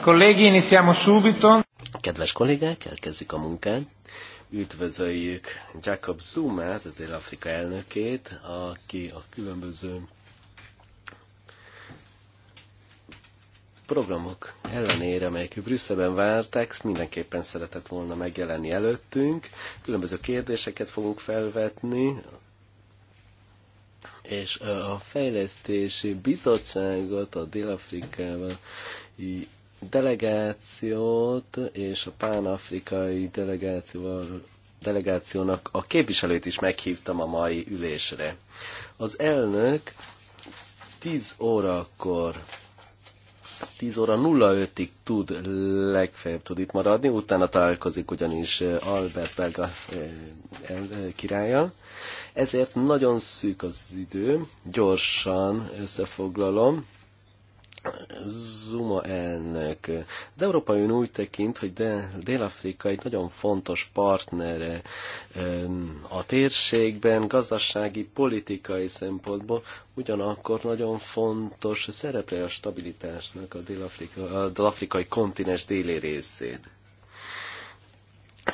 Kollégi, iniziamo subito. Kedves kollégák, elkezdjük a munkát. Üdvözöljük Jacob Zumát, a Dél-Afrika elnökét, aki a különböző programok ellenére, amelyek Brüsszelben várták, mindenképpen szeretett volna megjelenni előttünk. Különböző kérdéseket fogunk felvetni, és a fejlesztési bizottságot a Dél-Afrikával delegációt és a pánafrikai delegációval delegációnak a képviselőt is meghívtam a mai ülésre. Az elnök 10 órakor 10 óra 05-ig tud legfeljebb tud itt maradni, utána találkozik ugyanis eh, Albert belga eh, eh, királya. Ezért nagyon szűk az idő, gyorsan összefoglalom. Zuma elnök. Az Európai Unió úgy tekint, hogy de Dél-Afrika egy nagyon fontos partnere a térségben, gazdasági, politikai szempontból, ugyanakkor nagyon fontos szereplő a stabilitásnak a dél-afrikai kontinens déli részén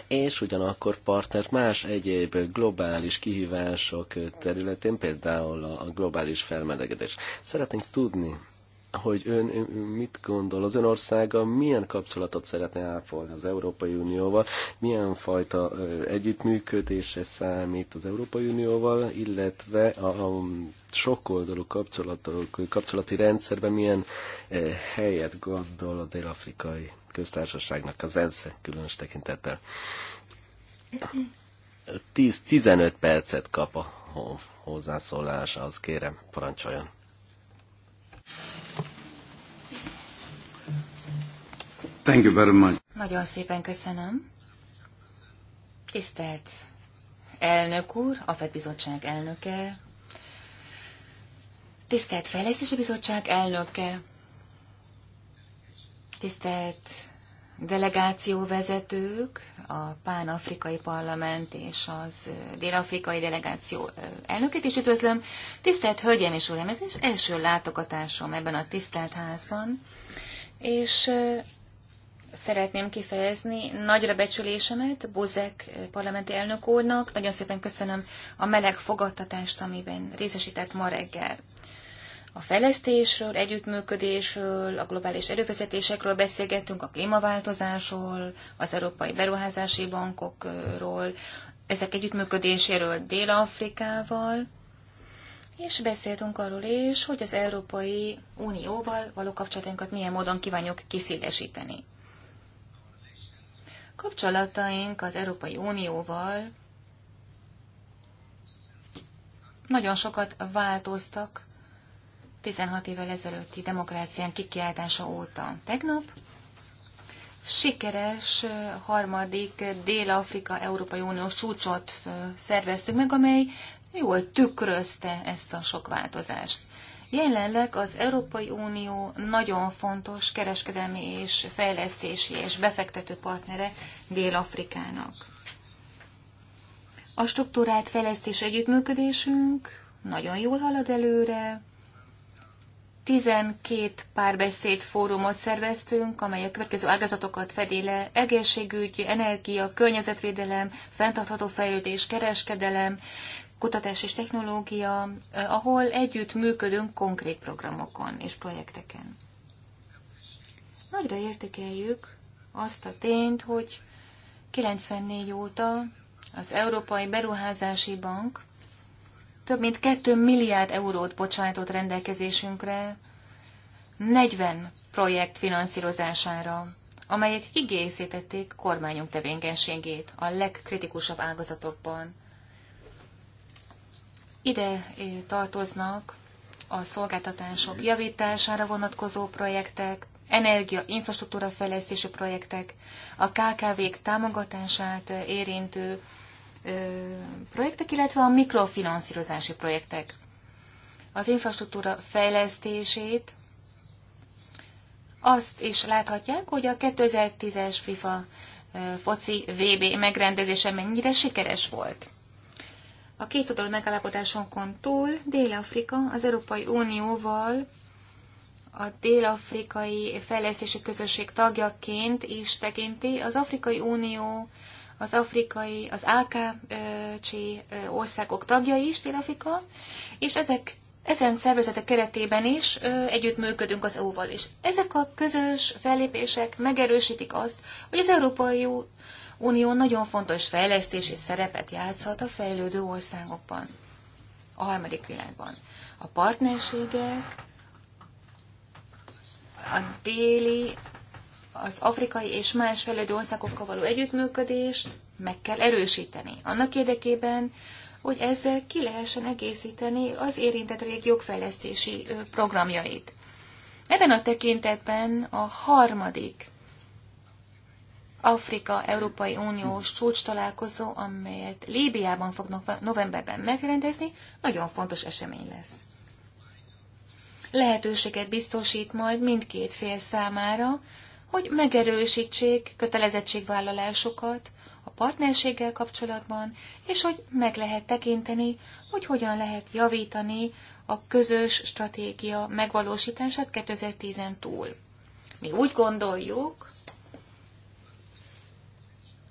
és ugyanakkor partnert más egyéb globális kihívások területén, például a globális felmelegedés. Szeretnénk tudni, hogy ön mit gondol, az ön országa milyen kapcsolatot szeretne ápolni az Európai Unióval, milyen fajta együttműködése számít az Európai Unióval, illetve a, a sokoldalú kapcsolatok, kapcsolati rendszerben milyen helyet gondol a dél-afrikai köztársaságnak az ENSZ különös tekintettel. 10-15 percet kap a hozzászólás, az kérem, parancsoljon. Thank you very much. Nagyon szépen köszönöm. Tisztelt elnök úr, a FED bizottság elnöke, tisztelt fejlesztési bizottság elnöke, tisztelt delegáció vezetők, a Pán-Afrikai Parlament és az Dél-Afrikai Delegáció elnökét is üdvözlöm. Tisztelt Hölgyeim és Uram, ez is első látogatásom ebben a tisztelt házban, és szeretném kifejezni nagyra becsülésemet Buzek parlamenti elnök úrnak. Nagyon szépen köszönöm a meleg fogadtatást, amiben részesített ma reggel. A fejlesztésről, együttműködésről, a globális erőfeszítésekről beszélgettünk, a klímaváltozásról, az európai beruházási bankokról, ezek együttműködéséről Dél-Afrikával, és beszéltünk arról is, hogy az Európai Unióval való kapcsolatunkat milyen módon kívánjuk kiszélesíteni. Kapcsolataink az Európai Unióval nagyon sokat változtak 16 évvel ezelőtti demokrácián kikiáltása óta. Tegnap sikeres harmadik Dél-Afrika-Európai Uniós csúcsot szerveztük meg, amely jól tükrözte ezt a sok változást. Jelenleg az Európai Unió nagyon fontos kereskedelmi és fejlesztési és befektető partnere Dél-Afrikának. A struktúrált fejlesztés együttműködésünk nagyon jól halad előre. 12 párbeszéd fórumot szerveztünk, amely a következő ágazatokat fedi le, egészségügy, energia, környezetvédelem, fenntartható fejlődés, kereskedelem, kutatás és technológia, ahol együtt működünk konkrét programokon és projekteken. Nagyra értékeljük azt a tényt, hogy 94 óta az Európai Beruházási Bank több mint 2 milliárd eurót bocsájtott rendelkezésünkre 40 projekt finanszírozására, amelyek kigészítették kormányunk tevékenységét a legkritikusabb ágazatokban – ide tartoznak a szolgáltatások javítására vonatkozó projektek, energia, infrastruktúra fejlesztési projektek, a KKV-k támogatását érintő projektek, illetve a mikrofinanszírozási projektek. Az infrastruktúra fejlesztését azt is láthatják, hogy a 2010-es FIFA foci VB megrendezése mennyire sikeres volt. A két oldalú megállapodásonkon túl Dél-Afrika az Európai Unióval a dél-afrikai fejlesztési közösség tagjaként is tekinti. Az Afrikai Unió, az afrikai, az AKC országok tagja is Dél-Afrika, és ezek ezen szervezetek keretében is ö, együttműködünk az EU-val is. Ezek a közös fellépések megerősítik azt, hogy az Európai Unió nagyon fontos fejlesztési szerepet játszhat a fejlődő országokban, a harmadik világban. A partnerségek, a déli, az afrikai és más fejlődő országokkal való együttműködést meg kell erősíteni. Annak érdekében, hogy ezzel ki lehessen egészíteni az érintett régiók fejlesztési programjait. Ebben a tekintetben a harmadik Afrika-Európai Uniós csúcs találkozó, amelyet Líbiában fognak novemberben megrendezni, nagyon fontos esemény lesz. Lehetőséget biztosít majd mindkét fél számára, hogy megerősítsék kötelezettségvállalásokat a partnerséggel kapcsolatban, és hogy meg lehet tekinteni, hogy hogyan lehet javítani a közös stratégia megvalósítását 2010-en túl. Mi úgy gondoljuk,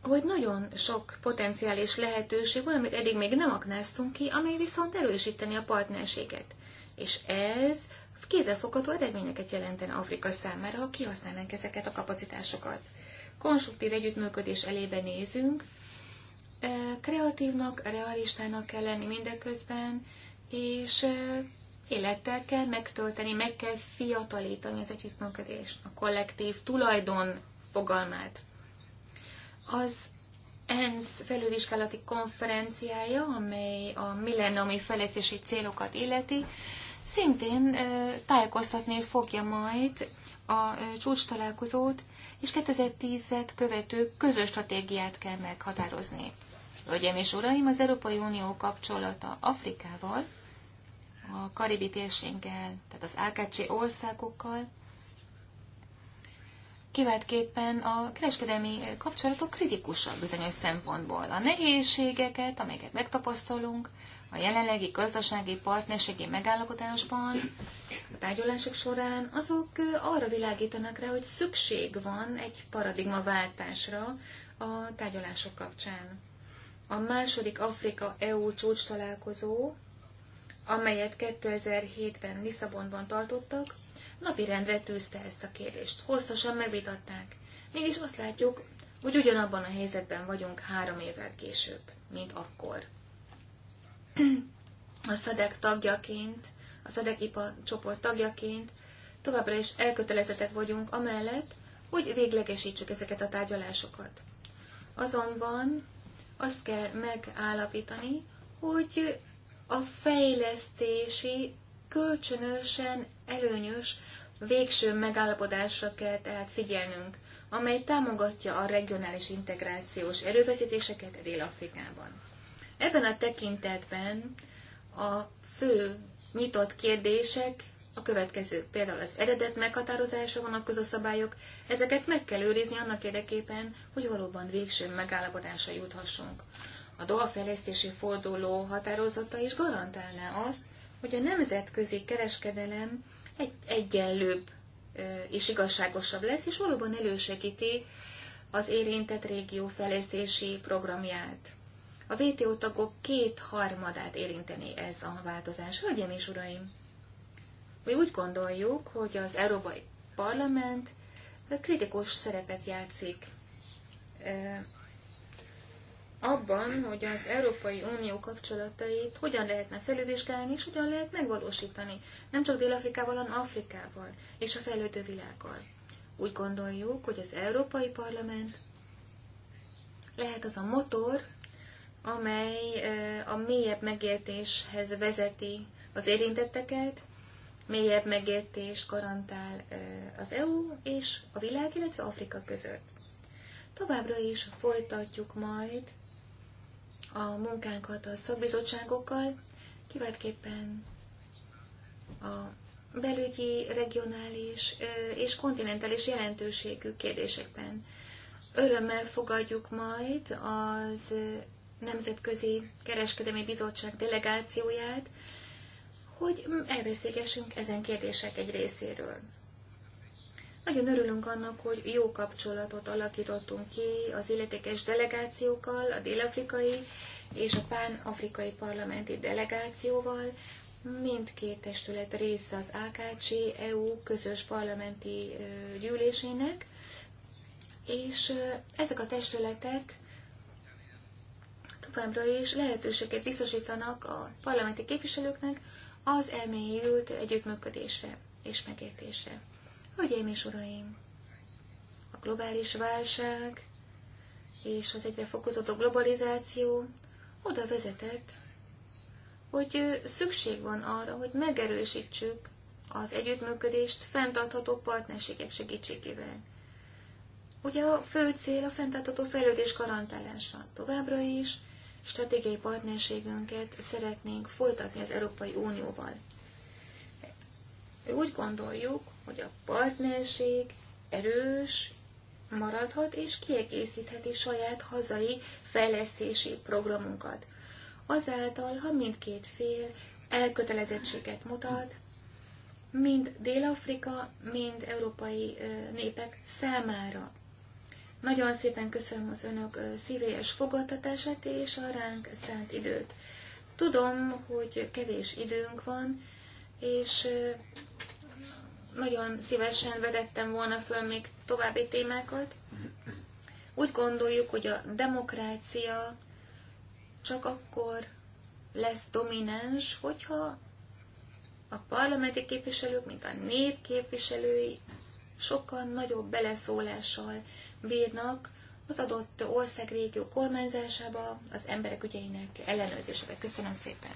hogy nagyon sok potenciális lehetőség van, amit eddig még nem aknáztunk ki, amely viszont erősíteni a partnerséget. És ez kézzelfogható eredményeket jelenten Afrika számára, ha kihasználnánk ezeket a kapacitásokat. Konstruktív együttműködés elébe nézünk, kreatívnak, realistának kell lenni mindeközben, és élettel kell megtölteni, meg kell fiatalítani az együttműködést, a kollektív tulajdon fogalmát. Az ENSZ felülvizsgálati konferenciája, amely a millenomi fejlesztési célokat illeti, szintén tájékoztatni fogja majd a csúcs találkozót, és 2010-et követő közös stratégiát kell meghatározni. Hölgyeim és Uraim, az Európai Unió kapcsolata Afrikával, a Karibi térséggel, tehát az AKC országokkal, kiváltképpen a kereskedelmi kapcsolatok kritikusabb bizonyos szempontból. A nehézségeket, amelyeket megtapasztalunk, a jelenlegi gazdasági partnerségi megállapodásban, a tárgyalások során, azok arra világítanak rá, hogy szükség van egy paradigmaváltásra a tárgyalások kapcsán. A második Afrika-EU csúcs találkozó, amelyet 2007-ben Lisszabonban tartottak, napirendre tűzte ezt a kérdést. Hosszasan megvitatták. Mégis azt látjuk, hogy ugyanabban a helyzetben vagyunk három évvel később, mint akkor. A szedek tagjaként, a ipa csoport tagjaként továbbra is elkötelezettek vagyunk amellett, hogy véglegesítsük ezeket a tárgyalásokat. Azonban azt kell megállapítani, hogy a fejlesztési kölcsönösen előnyös végső megállapodásra kell tehát figyelnünk, amely támogatja a regionális integrációs erőfeszítéseket Dél-Afrikában. Ebben a tekintetben a fő nyitott kérdések a következők, például az eredet meghatározása vonatkozó szabályok, ezeket meg kell őrizni annak érdekében, hogy valóban végső megállapodásra juthassunk. A Doha fejlesztési forduló határozata is garantálná azt, hogy a nemzetközi kereskedelem egy egyenlőbb és igazságosabb lesz, és valóban elősegíti az érintett régió fejlesztési programját. A WTO tagok két harmadát érinteni ez a változás. Hölgyeim és uraim, mi úgy gondoljuk, hogy az Európai Parlament kritikus szerepet játszik abban, hogy az Európai Unió kapcsolatait hogyan lehetne felülvizsgálni, és hogyan lehet megvalósítani, nem csak Dél-Afrikával, hanem Afrikával és a fejlődő világgal. Úgy gondoljuk, hogy az Európai Parlament lehet az a motor, amely a mélyebb megértéshez vezeti az érintetteket, mélyebb megértést garantál az EU és a világ, illetve Afrika között. Továbbra is folytatjuk majd a munkánkat a szakbizottságokkal, kiváltképpen a belügyi, regionális és kontinentális jelentőségű kérdésekben. Örömmel fogadjuk majd az Nemzetközi Kereskedelmi Bizottság delegációját, hogy elbeszélgessünk ezen kérdések egy részéről. Nagyon örülünk annak, hogy jó kapcsolatot alakítottunk ki az illetékes delegációkkal, a dél-afrikai és a pán-afrikai parlamenti delegációval. Mindkét testület része az AKC EU közös parlamenti gyűlésének, és ezek a testületek továbbra is lehetőséget biztosítanak a parlamenti képviselőknek az elmélyült együttműködésre és megértésre. Hölgyeim és uraim, a globális válság és az egyre fokozott globalizáció oda vezetett, hogy szükség van arra, hogy megerősítsük az együttműködést fenntartható partnerségek segítségével. Ugye a fő cél a fenntartható fejlődés garantálása. Továbbra is stratégiai partnerségünket szeretnénk folytatni az Európai Unióval. Úgy gondoljuk, hogy a partnerség erős maradhat és kiegészítheti saját hazai fejlesztési programunkat. Azáltal, ha mindkét fél elkötelezettséget mutat, mind Dél-Afrika, mind európai népek számára. Nagyon szépen köszönöm az önök szívélyes fogadtatását és a ránk szánt időt. Tudom, hogy kevés időnk van, és nagyon szívesen vedettem volna föl még további témákat. Úgy gondoljuk, hogy a demokrácia csak akkor lesz domináns, hogyha a parlamenti képviselők, mint a nép képviselői sokkal nagyobb beleszólással bírnak az adott ország régió kormányzásába, az emberek ügyeinek ellenőrzésébe. Köszönöm szépen!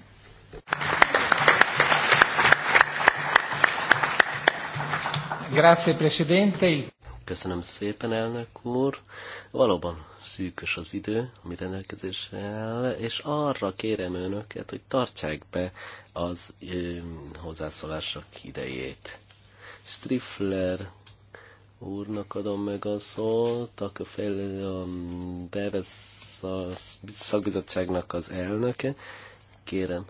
Grazie, Presidente. Köszönöm szépen, elnök úr. Valóban szűkös az idő, ami rendelkezésre áll, és arra kérem önöket, hogy tartsák be az ö, hozzászólások idejét. Strifler úrnak adom meg a szót, a, fel, a szakbizottságnak az elnöke. Kérem,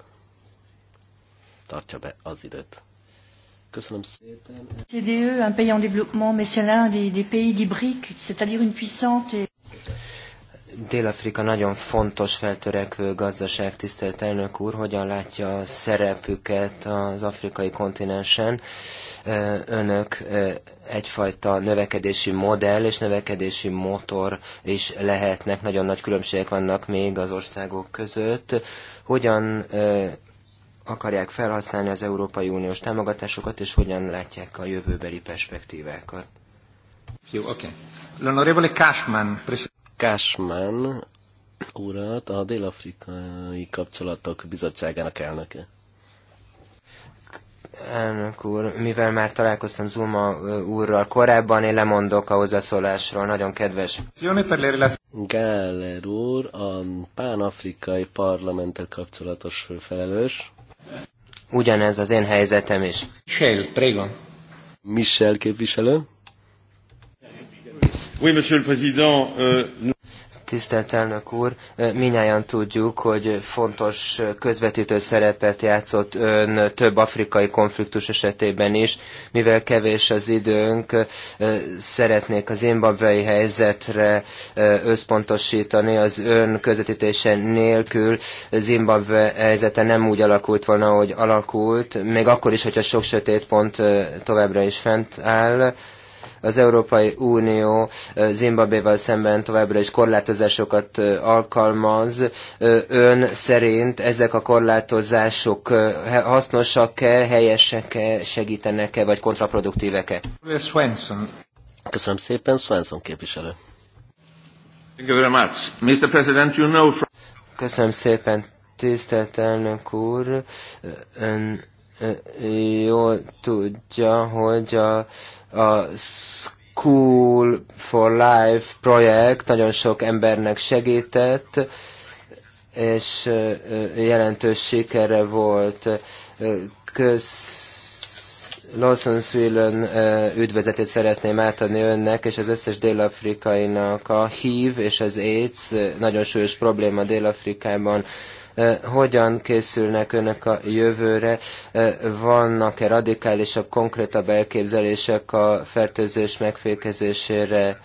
tartsa be az időt. Köszönöm szépen. CDE, un pays en développement, mais c'est l'un des, des pays des BRIC, c'est-à-dire une puissante et... Dél-Afrika nagyon fontos feltörekvő gazdaság, tisztelt elnök úr, hogyan látja a szerepüket az afrikai kontinensen. Önök egyfajta növekedési modell és növekedési motor is lehetnek, nagyon nagy különbségek vannak még az országok között. Hogyan akarják felhasználni az Európai Uniós támogatásokat, és hogyan látják a jövőbeli perspektívákat. Jó, oké. Okay. L'onorevole Cashman. Cashman urat, a Dél-Afrikai Kapcsolatok Bizottságának elnöke. Elnök úr, mivel már találkoztam Zuma úrral korábban, én lemondok a hozzászólásról, nagyon kedves. Gáller úr, a pánafrikai parlamenttel kapcsolatos felelős. Ugyanez az én helyzetem is. Michel, prego. Michel képviselő. Oui, monsieur le président. Euh... Tisztelt elnök úr, minnyáján tudjuk, hogy fontos közvetítő szerepet játszott ön több afrikai konfliktus esetében is. Mivel kevés az időnk, szeretnék az zimbabwei helyzetre összpontosítani. Az ön közvetítése nélkül Zimbabwe helyzete nem úgy alakult volna, ahogy alakult, még akkor is, hogyha sok sötét pont továbbra is fent áll az Európai Unió Zimbabéval szemben továbbra is korlátozásokat alkalmaz. Ön szerint ezek a korlátozások hasznosak-e, helyesek-e, segítenek-e, vagy kontraproduktívek-e? Köszönöm szépen, Swenson képviselő. Thank you very much. Mr. President, you know from... Köszönöm szépen, tisztelt elnök úr. Ön jól tudja, hogy a a School for Life projekt nagyon sok embernek segített, és jelentős sikere volt. Kösz Lawsonsville-ön üdvözetét szeretném átadni önnek, és az összes dél-afrikainak a HIV és az AIDS nagyon súlyos probléma Dél-Afrikában Eh, hogyan készülnek önök a jövőre? Eh, vannak-e radikálisabb, konkrétabb elképzelések a fertőzés megfékezésére?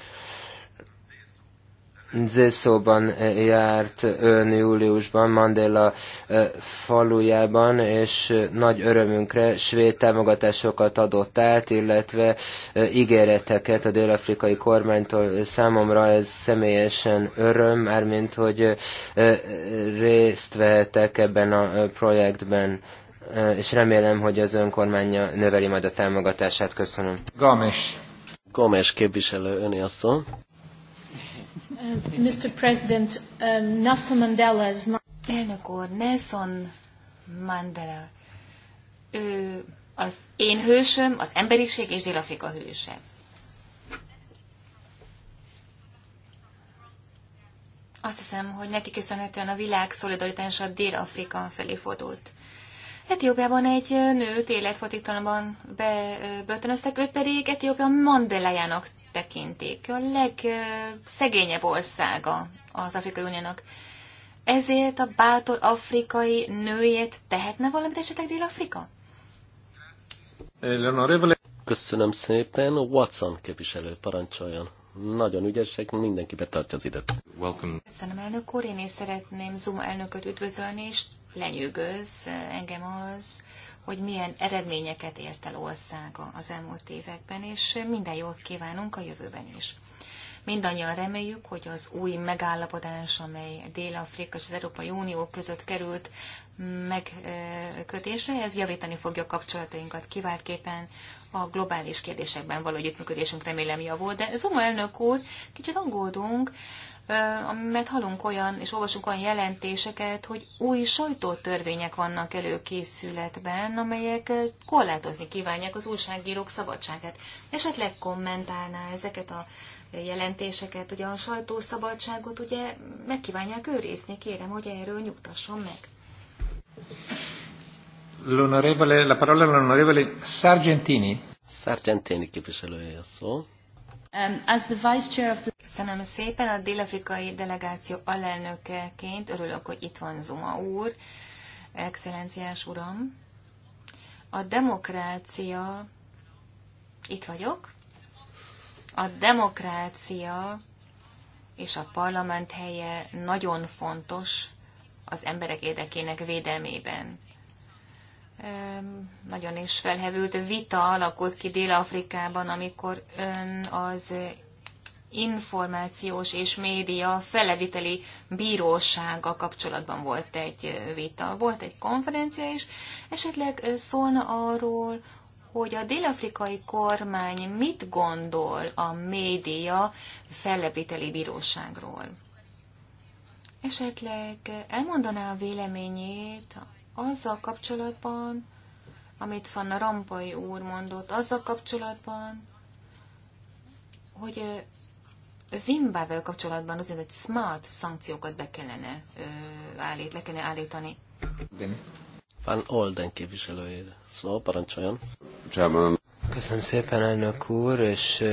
Zeszóban eh, járt ön júliusban, Mandela eh, falujában, és eh, nagy örömünkre svéd támogatásokat adott át, illetve ígéreteket a dél-afrikai kormánytól számomra ez személyesen öröm, mármint hogy részt vehetek ebben a projektben és remélem, hogy az önkormánya növeli majd a támogatását. Köszönöm. Gomes. Gomes képviselő, öné a szó. Mr. President, um, Nelson Mandela is not... Elnök úr, Nelson Mandela, ő az én hősöm, az emberiség és Dél-Afrika hőse. Azt hiszem, hogy neki köszönhetően a világ szolidaritása Dél-Afrika felé fordult. Etiópiában egy nőt életfotítalomban bebörtönöztek, őt pedig Etiópia Mandelájának tekintik. A legszegényebb országa az Afrikai Uniónak. Ezért a bátor afrikai nőjét tehetne valamit esetleg Dél-Afrika? Köszönöm szépen, Watson képviselő, parancsoljon. Nagyon ügyesek, mindenki betartja az időt. Welcome. Köszönöm, elnök úr, én is szeretném Zoom elnököt üdvözölni, és lenyűgöz engem az, hogy milyen eredményeket ért el országa az elmúlt években, és minden jót kívánunk a jövőben is. Mindannyian reméljük, hogy az új megállapodás, amely Dél-Afrika és az Európai Unió között került megkötésre, ez javítani fogja a kapcsolatainkat kiváltképpen a globális kérdésekben való együttműködésünk remélem javul, de Zuma elnök úr, kicsit aggódunk, mert hallunk olyan, és olvasunk olyan jelentéseket, hogy új sajtótörvények vannak előkészületben, amelyek korlátozni kívánják az újságírók szabadságát. Esetleg kommentálná ezeket a jelentéseket, ugye a sajtószabadságot ugye megkívánják őrizni, kérem, hogy erről nyugtasson meg. L'onorevole, la parola all'onorevole Sargentini. Sargentini képviselője a szó. Um, Köszönöm szépen a dél-afrikai delegáció alelnökeként. Örülök, hogy itt van Zuma úr, excellenciás uram. A demokrácia, itt vagyok, a demokrácia és a parlament helye nagyon fontos az emberek érdekének védelmében nagyon is felhevült vita alakult ki Dél-Afrikában, amikor ön az információs és média feleviteli bírósága kapcsolatban volt egy vita, volt egy konferencia is. Esetleg szólna arról, hogy a dél-afrikai kormány mit gondol a média feleviteli bíróságról. Esetleg elmondaná a véleményét azzal kapcsolatban, amit Van a Rampai úr mondott, azzal kapcsolatban, hogy Zimbabwe kapcsolatban azért egy smart szankciókat be kellene, ö, állít, le kellene állítani. Van Olden képviselőjére. Szóval parancsoljon. Köszönöm szépen, elnök úr, és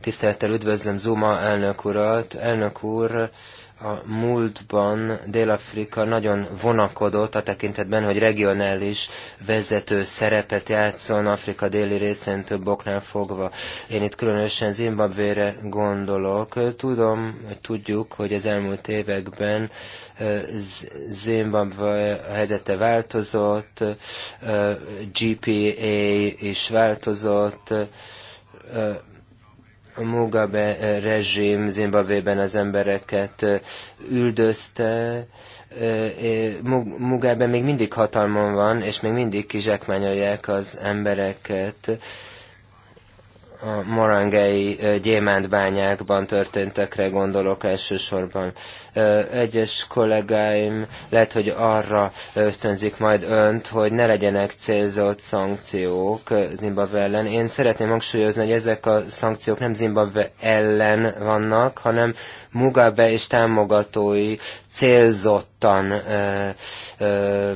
tisztelettel üdvözlöm Zuma elnök urat. Elnök úr, a múltban Dél-Afrika nagyon vonakodott a tekintetben, hogy regionális vezető szerepet játszon Afrika déli részén több oknál fogva. Én itt különösen Zimbabvére gondolok. Tudom, hogy tudjuk, hogy az elmúlt években eh, Zimbabwe helyzete változott, eh, GPA is változott, eh, Mugabe eh, rezsim Zimbabvében az embereket eh, üldözte, eh, Mugabe még mindig hatalmon van, és még mindig kizsákmányolják az embereket a morangei gyémántbányákban történtekre gondolok elsősorban. Egyes kollégáim lehet, hogy arra ösztönzik majd önt, hogy ne legyenek célzott szankciók Zimbabwe ellen. Én szeretném hangsúlyozni, hogy ezek a szankciók nem Zimbabwe ellen vannak, hanem Mugabe és támogatói célzottan ö, ö,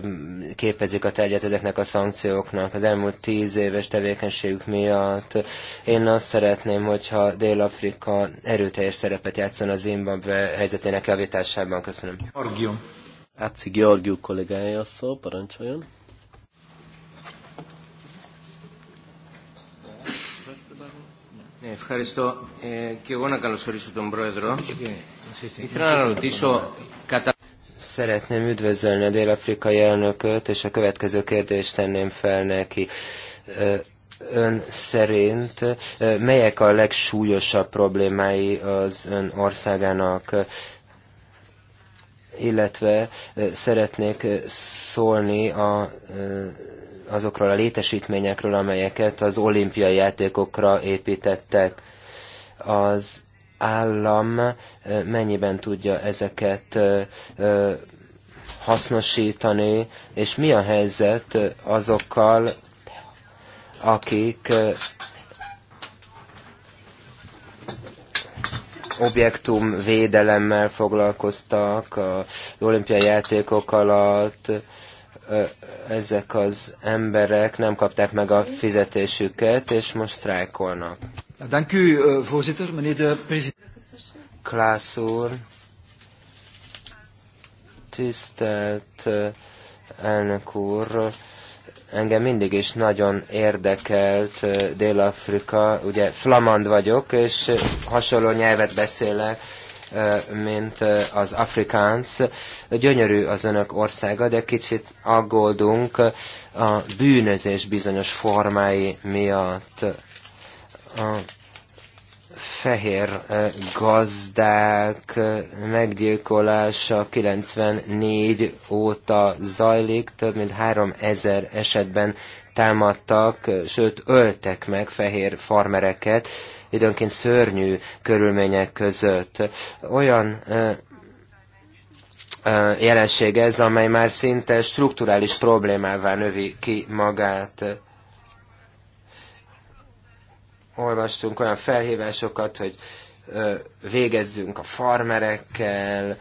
képezik a terjet ezeknek a szankcióknak az elmúlt tíz éves tevékenységük miatt. Én azt szeretném, hogyha Dél-Afrika erőteljes szerepet játszon a Zimbabwe helyzetének javításában. Köszönöm. Georgium. Átszi Georgiú kollégája a szó, parancsoljon. Ευχαριστώ. Ε, και εγώ να καλωσορίσω τον Πρόεδρο. Ήθελα να ρωτήσω κατά... Szeretném üdvözölni a dél-afrikai elnököt, és a következő kérdést tenném fel neki. Ön szerint melyek a legsúlyosabb problémái az ön országának? Illetve szeretnék szólni a azokról a létesítményekről, amelyeket az olimpiai játékokra építettek. Az állam mennyiben tudja ezeket hasznosítani, és mi a helyzet azokkal, akik objektum védelemmel foglalkoztak az olimpiai játékok alatt, ezek az emberek nem kapták meg a fizetésüket, és most sztrájkolnak. Dank u, uh, voorzitter, meneer de president. Klász úr, tisztelt uh, elnök úr, engem mindig is nagyon érdekelt uh, Dél-Afrika, ugye flamand vagyok, és hasonló nyelvet beszélek, mint az afrikáns. Gyönyörű az önök országa, de kicsit aggódunk a bűnözés bizonyos formái miatt. A fehér gazdák meggyilkolása 94 óta zajlik, több mint 3000 esetben támadtak, sőt öltek meg fehér farmereket, időnként szörnyű körülmények között. Olyan jelenség ez, amely már szinte strukturális problémává növi ki magát. Olvastunk olyan felhívásokat, hogy végezzünk a farmerekkel,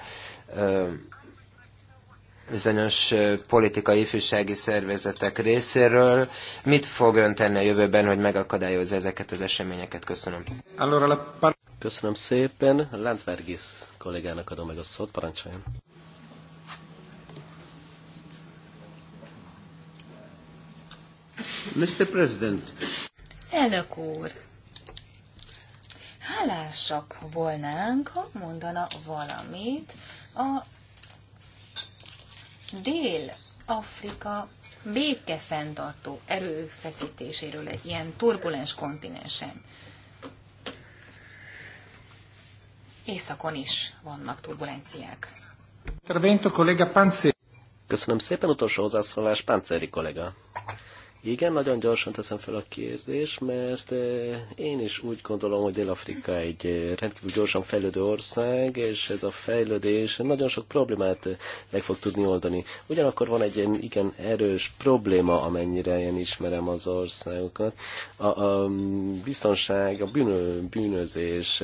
bizonyos politikai ifjúsági szervezetek részéről. Mit fog ön tenni a jövőben, hogy megakadályozza ezeket az eseményeket? Köszönöm. Köszönöm szépen. Láncvergis kollégának adom meg a szót, parancsoljon. Mr. President. Elnök úr, hálásak volnánk, ha mondana valamit a Dél-Afrika békefenntartó erőfeszítéséről egy ilyen turbulens kontinensen. Északon is vannak turbulenciák. Köszönöm szépen, utolsó hozzászólás, Pánceri kollega. Igen, nagyon gyorsan teszem fel a kérdést, mert eh, én is úgy gondolom, hogy Dél-Afrika egy eh, rendkívül gyorsan fejlődő ország, és ez a fejlődés nagyon sok problémát eh, meg fog tudni oldani. Ugyanakkor van egy ilyen igen erős probléma, amennyire én ismerem az országokat. A, a mm, biztonság, a bűnö, bűnözés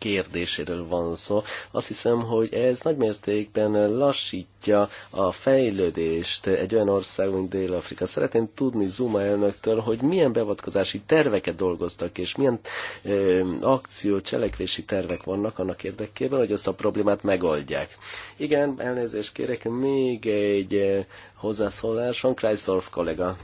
kérdéséről van szó. Azt hiszem, hogy ez nagymértékben lassítja a fejlődést egy olyan ország, mint Dél-Afrika. Szeretném tudni Zuma elnöktől, hogy milyen beavatkozási terveket dolgoztak, és milyen ö, akció, cselekvési tervek vannak annak érdekében, hogy ezt a problémát megoldják. Igen, elnézést kérek, még egy hozzászóláson. Kreisdorf kollega.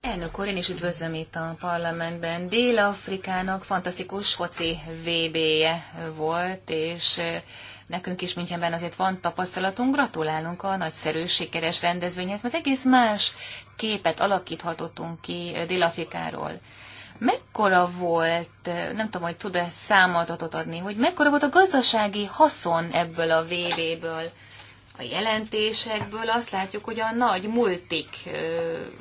Elnök úr, én is üdvözlöm itt a parlamentben. Dél-Afrikának fantasztikus foci VB-je volt, és eh, nekünk is Münchenben azért van tapasztalatunk, gratulálunk a nagyszerű, sikeres rendezvényhez, mert egész más képet alakíthatottunk ki eh, Dél-Afrikáról. Mekkora volt, eh, nem tudom, hogy tud-e számadatot adni, hogy mekkora volt a gazdasági haszon ebből a VB-ből? a jelentésekből azt látjuk, hogy a nagy multik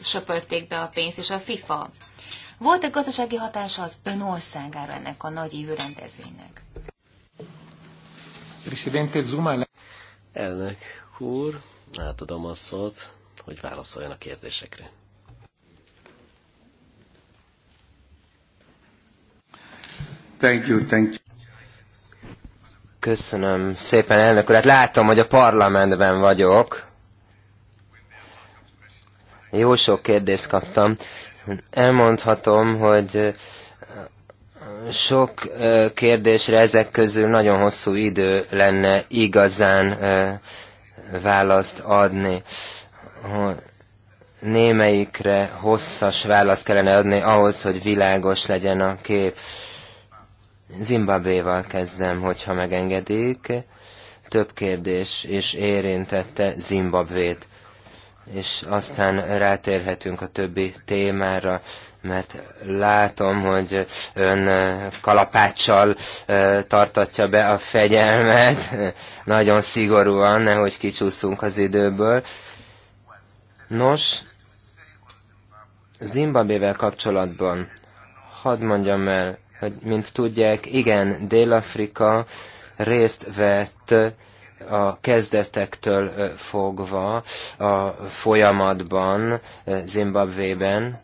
söpörték be a pénzt, és a FIFA. Volt egy gazdasági hatása az ön országára ennek a nagy évű rendezvénynek? Presidente Zuma. Elnök úr, átadom a szót, hogy válaszoljon a kérdésekre. Thank you, thank you. Köszönöm szépen, elnök úr. Hát látom, hogy a parlamentben vagyok. Jó sok kérdést kaptam. Elmondhatom, hogy sok kérdésre ezek közül nagyon hosszú idő lenne igazán választ adni. Némelyikre hosszas választ kellene adni ahhoz, hogy világos legyen a kép. Zimbabvéval kezdem, hogyha megengedik. Több kérdés is érintette Zimbabvét, és aztán rátérhetünk a többi témára, mert látom, hogy ön kalapáccsal tartatja be a fegyelmet, nagyon szigorúan, nehogy kicsúszunk az időből. Nos, Zimbabvével kapcsolatban hadd mondjam el hogy mint tudják, igen, Dél-Afrika részt vett a kezdetektől fogva a folyamatban, Zimbabvében,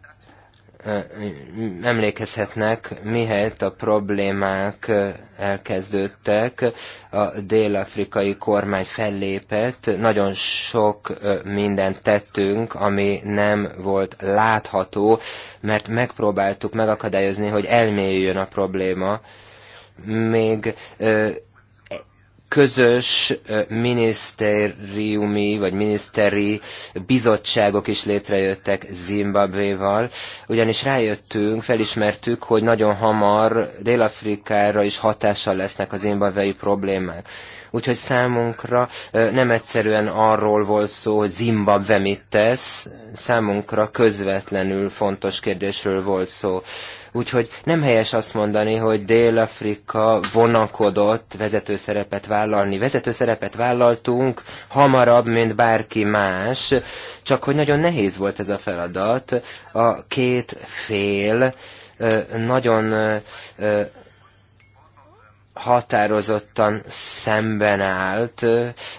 emlékezhetnek, mihelyt a problémák elkezdődtek, a dél-afrikai kormány fellépett, nagyon sok mindent tettünk, ami nem volt látható, mert megpróbáltuk megakadályozni, hogy elmélyüljön a probléma, még közös minisztériumi vagy miniszteri bizottságok is létrejöttek Zimbabvéval, ugyanis rájöttünk, felismertük, hogy nagyon hamar Dél-Afrikára is hatással lesznek a zimbabvei problémák. Úgyhogy számunkra nem egyszerűen arról volt szó, hogy Zimbabve mit tesz, számunkra közvetlenül fontos kérdésről volt szó. Úgyhogy nem helyes azt mondani, hogy Dél-Afrika vonakodott vezető szerepet vállalni. Vezető szerepet vállaltunk hamarabb, mint bárki más, csak hogy nagyon nehéz volt ez a feladat. A két fél nagyon határozottan szemben állt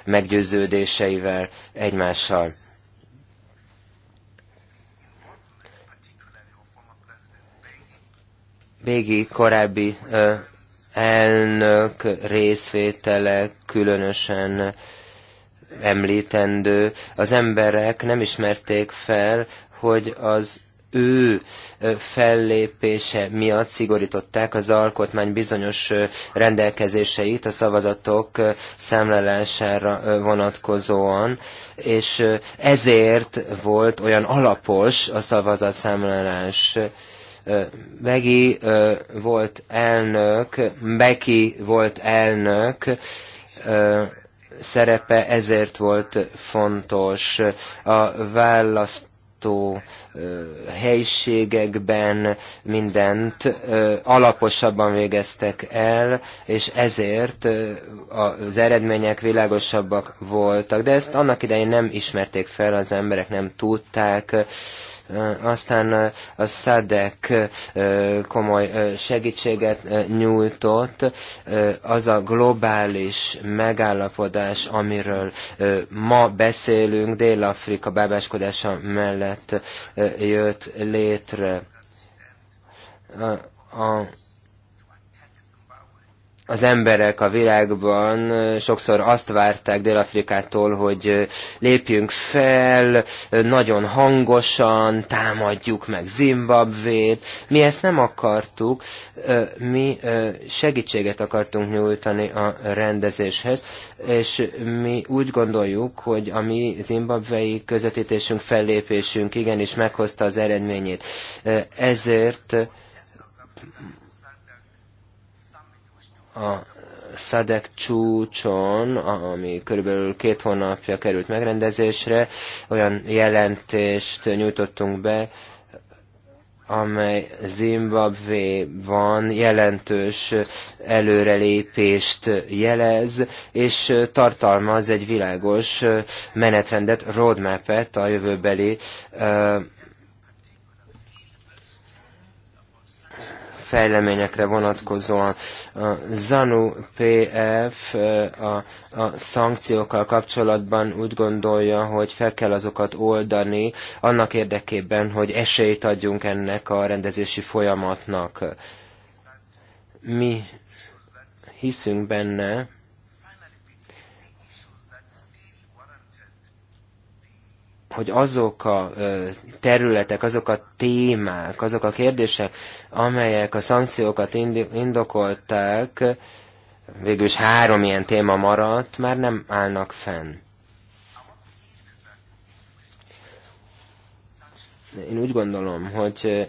meggyőződéseivel egymással. régi korábbi elnök részvétele különösen említendő. Az emberek nem ismerték fel, hogy az ő fellépése miatt szigorították az alkotmány bizonyos rendelkezéseit a szavazatok számlálására vonatkozóan, és ezért volt olyan alapos a szavazatszámlálás. számlálás Megi volt elnök, Beki volt elnök, szerepe ezért volt fontos. A választ helységekben mindent alaposabban végeztek el, és ezért az eredmények világosabbak voltak. De ezt annak idején nem ismerték fel, az emberek nem tudták, aztán a SZEDEK komoly segítséget nyújtott. Az a globális megállapodás, amiről ma beszélünk, Dél-Afrika bábáskodása mellett jött létre. A az emberek a világban sokszor azt várták Dél-Afrikától, hogy lépjünk fel, nagyon hangosan, támadjuk meg Zimbabvét. Mi ezt nem akartuk, mi segítséget akartunk nyújtani a rendezéshez, és mi úgy gondoljuk, hogy a mi zimbabvei közvetítésünk, fellépésünk igenis meghozta az eredményét. Ezért a SZADEK csúcson, ami körülbelül két hónapja került megrendezésre, olyan jelentést nyújtottunk be, amely van jelentős előrelépést jelez, és tartalmaz egy világos menetrendet, roadmap-et a jövőbeli fejleményekre vonatkozóan. A ZANU PF a, a szankciókkal kapcsolatban úgy gondolja, hogy fel kell azokat oldani annak érdekében, hogy esélyt adjunk ennek a rendezési folyamatnak. Mi hiszünk benne, hogy azok a területek, azok a témák, azok a kérdések, amelyek a szankciókat indokolták, végül is három ilyen téma maradt, már nem állnak fenn. Én úgy gondolom, hogy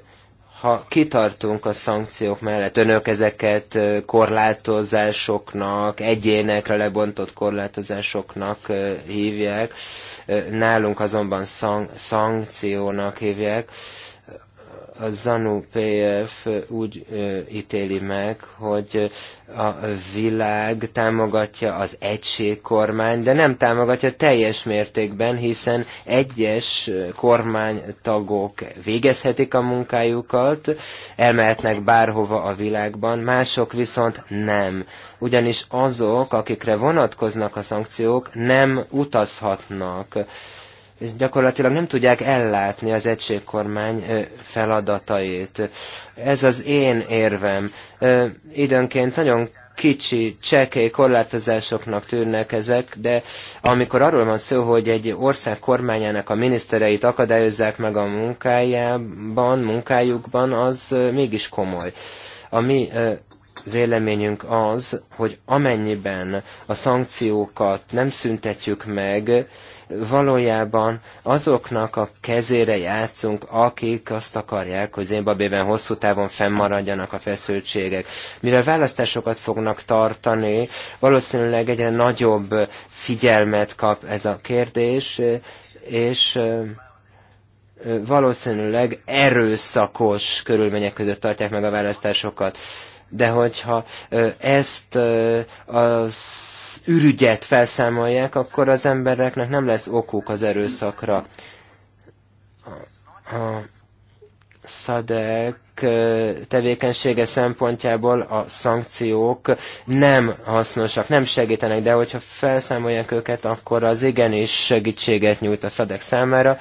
ha kitartunk a szankciók mellett, önök ezeket korlátozásoknak, egyénekre lebontott korlátozásoknak hívják, nálunk azonban szankciónak hívják, a ZANU-PF úgy ítéli meg, hogy a világ támogatja az egységkormány, de nem támogatja teljes mértékben, hiszen egyes kormánytagok végezhetik a munkájukat, elmehetnek bárhova a világban, mások viszont nem. Ugyanis azok, akikre vonatkoznak a szankciók, nem utazhatnak és gyakorlatilag nem tudják ellátni az egységkormány feladatait. Ez az én érvem. Időnként nagyon kicsi, csekély korlátozásoknak tűnnek ezek, de amikor arról van szó, hogy egy ország kormányának a minisztereit akadályozzák meg a munkájában, munkájukban, az mégis komoly. A mi véleményünk az, hogy amennyiben a szankciókat nem szüntetjük meg, valójában azoknak a kezére játszunk, akik azt akarják, hogy Zimbabében hosszú távon fennmaradjanak a feszültségek. Mivel választásokat fognak tartani, valószínűleg egyre nagyobb figyelmet kap ez a kérdés, és valószínűleg erőszakos körülmények között tartják meg a választásokat. De hogyha ezt az ürügyet felszámolják, akkor az embereknek nem lesz okuk az erőszakra. A, a SZADEK tevékenysége szempontjából a szankciók nem hasznosak, nem segítenek, de hogyha felszámolják őket, akkor az igenis segítséget nyújt a SZADEK számára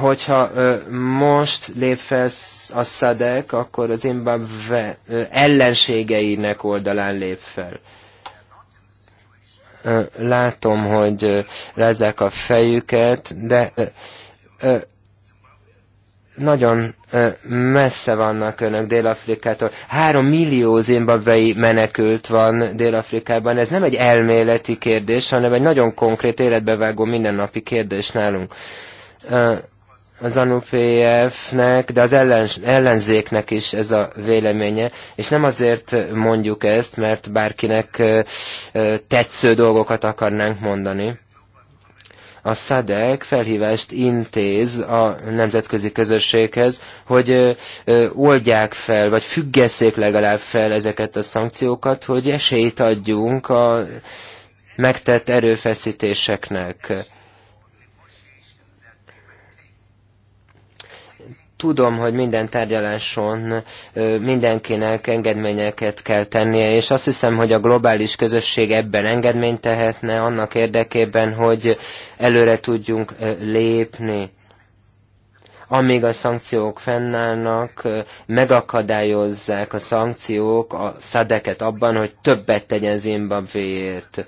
hogyha most lép fel a szadek, akkor az Zimbabwe ellenségeinek oldalán lép fel. Látom, hogy rázzák a fejüket, de nagyon messze vannak önök Dél-Afrikától. Három millió zimbabwei menekült van Dél-Afrikában. Ez nem egy elméleti kérdés, hanem egy nagyon konkrét életbevágó mindennapi kérdés nálunk az ANUPF-nek, de az ellen, ellenzéknek is ez a véleménye, és nem azért mondjuk ezt, mert bárkinek tetsző dolgokat akarnánk mondani. A SZADEK felhívást intéz a nemzetközi közösséghez, hogy oldják fel, vagy függesszék legalább fel ezeket a szankciókat, hogy esélyt adjunk a megtett erőfeszítéseknek Tudom, hogy minden tárgyaláson mindenkinek engedményeket kell tennie, és azt hiszem, hogy a globális közösség ebben engedményt tehetne annak érdekében, hogy előre tudjunk lépni amíg a szankciók fennállnak, megakadályozzák a szankciók a szadeket abban, hogy többet tegyen Zimbabvéért.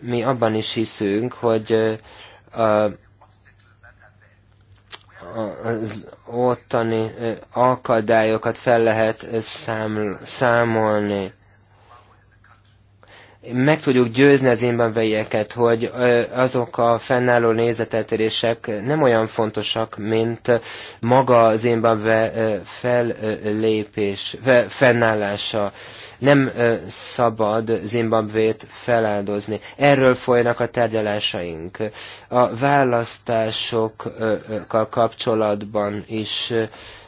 Mi abban is hiszünk, hogy az ottani akadályokat fel lehet számolni meg tudjuk győzni az imbanveieket, hogy azok a fennálló nézeteltérések nem olyan fontosak, mint maga az imbanve fellépés, fennállása. Nem szabad Zimbabvét feláldozni. Erről folynak a tárgyalásaink. A választásokkal kapcsolatban is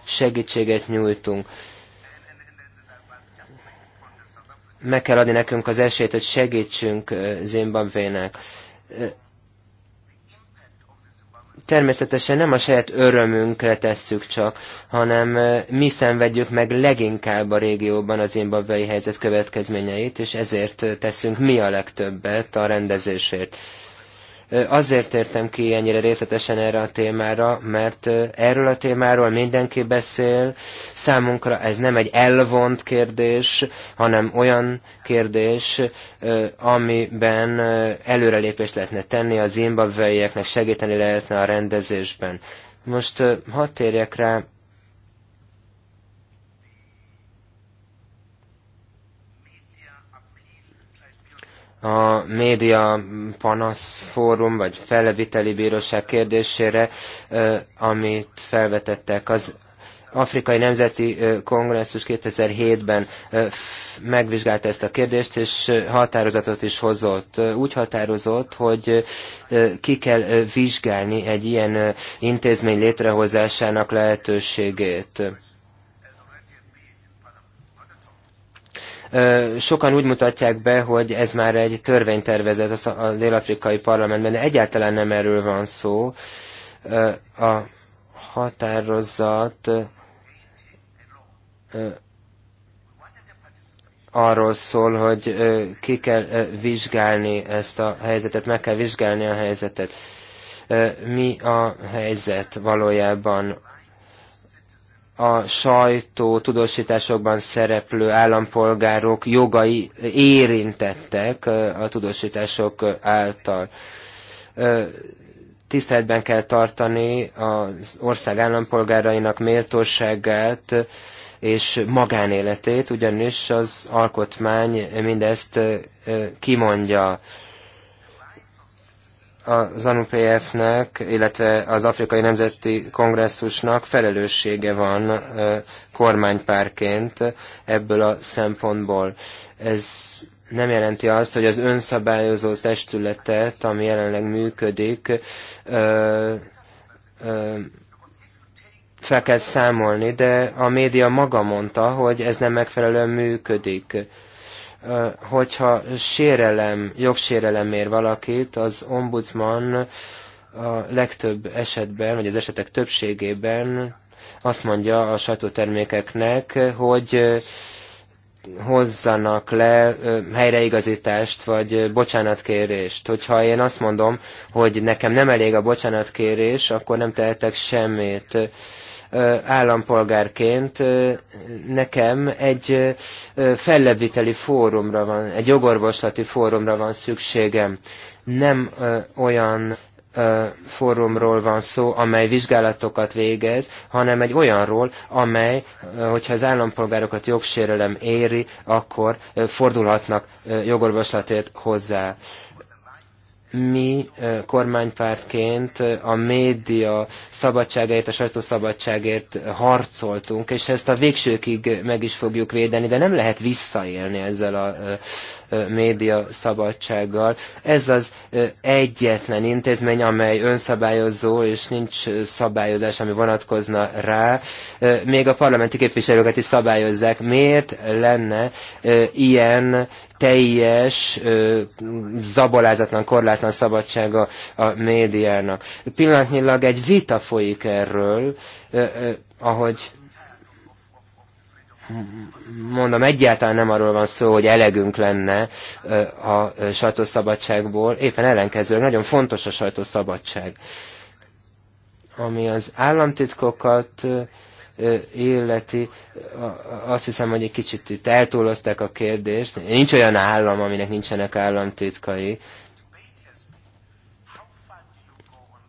segítséget nyújtunk meg kell adni nekünk az esélyt, hogy segítsünk Zimbabvének. Természetesen nem a saját örömünkre tesszük csak, hanem mi szenvedjük meg leginkább a régióban az zimbabvei helyzet következményeit, és ezért teszünk mi a legtöbbet a rendezésért. Azért értem ki ennyire részletesen erre a témára, mert erről a témáról mindenki beszél. Számunkra ez nem egy elvont kérdés, hanem olyan kérdés, amiben előrelépést lehetne tenni, az zimbabweieknek segíteni lehetne a rendezésben. Most hadd térjek rá a média panasz fórum, vagy felleviteli bíróság kérdésére, amit felvetettek. Az Afrikai Nemzeti Kongresszus 2007-ben megvizsgálta ezt a kérdést, és határozatot is hozott. Úgy határozott, hogy ki kell vizsgálni egy ilyen intézmény létrehozásának lehetőségét. Sokan úgy mutatják be, hogy ez már egy törvénytervezet a dél-afrikai parlamentben, de egyáltalán nem erről van szó. A határozat arról szól, hogy ki kell vizsgálni ezt a helyzetet, meg kell vizsgálni a helyzetet. Mi a helyzet valójában a sajtó tudósításokban szereplő állampolgárok jogai érintettek a tudósítások által. Tiszteletben kell tartani az ország állampolgárainak méltóságát és magánéletét, ugyanis az alkotmány mindezt kimondja a ZANU pf nek illetve az Afrikai Nemzeti Kongresszusnak felelőssége van kormánypárként ebből a szempontból. Ez nem jelenti azt, hogy az önszabályozó testületet, ami jelenleg működik, ö, ö, fel kell számolni, de a média maga mondta, hogy ez nem megfelelően működik hogyha sérelem, jogsérelem ér valakit, az ombudsman a legtöbb esetben, vagy az esetek többségében azt mondja a sajtótermékeknek, hogy hozzanak le helyreigazítást, vagy bocsánatkérést. Hogyha én azt mondom, hogy nekem nem elég a bocsánatkérés, akkor nem tehetek semmit állampolgárként nekem egy felleviteli fórumra van, egy jogorvoslati fórumra van szükségem. Nem olyan fórumról van szó, amely vizsgálatokat végez, hanem egy olyanról, amely, hogyha az állampolgárokat jogsérelem éri, akkor fordulhatnak jogorvoslatért hozzá mi kormánypártként a média szabadságáért, a sajtószabadságért harcoltunk, és ezt a végsőkig meg is fogjuk védeni, de nem lehet visszaélni ezzel a média szabadsággal. Ez az egyetlen intézmény, amely önszabályozó, és nincs szabályozás, ami vonatkozna rá. Még a parlamenti képviselőket is szabályozzák. Miért lenne ilyen teljes, zabolázatlan, korlátlan szabadsága a médiának. Pillanatnyilag egy vita folyik erről, ahogy mondom, egyáltalán nem arról van szó, hogy elegünk lenne a sajtószabadságból, éppen ellenkezőleg nagyon fontos a sajtószabadság. Ami az államtitkokat illeti, azt hiszem, hogy egy kicsit itt eltúlozták a kérdést. Nincs olyan állam, aminek nincsenek államtitkai.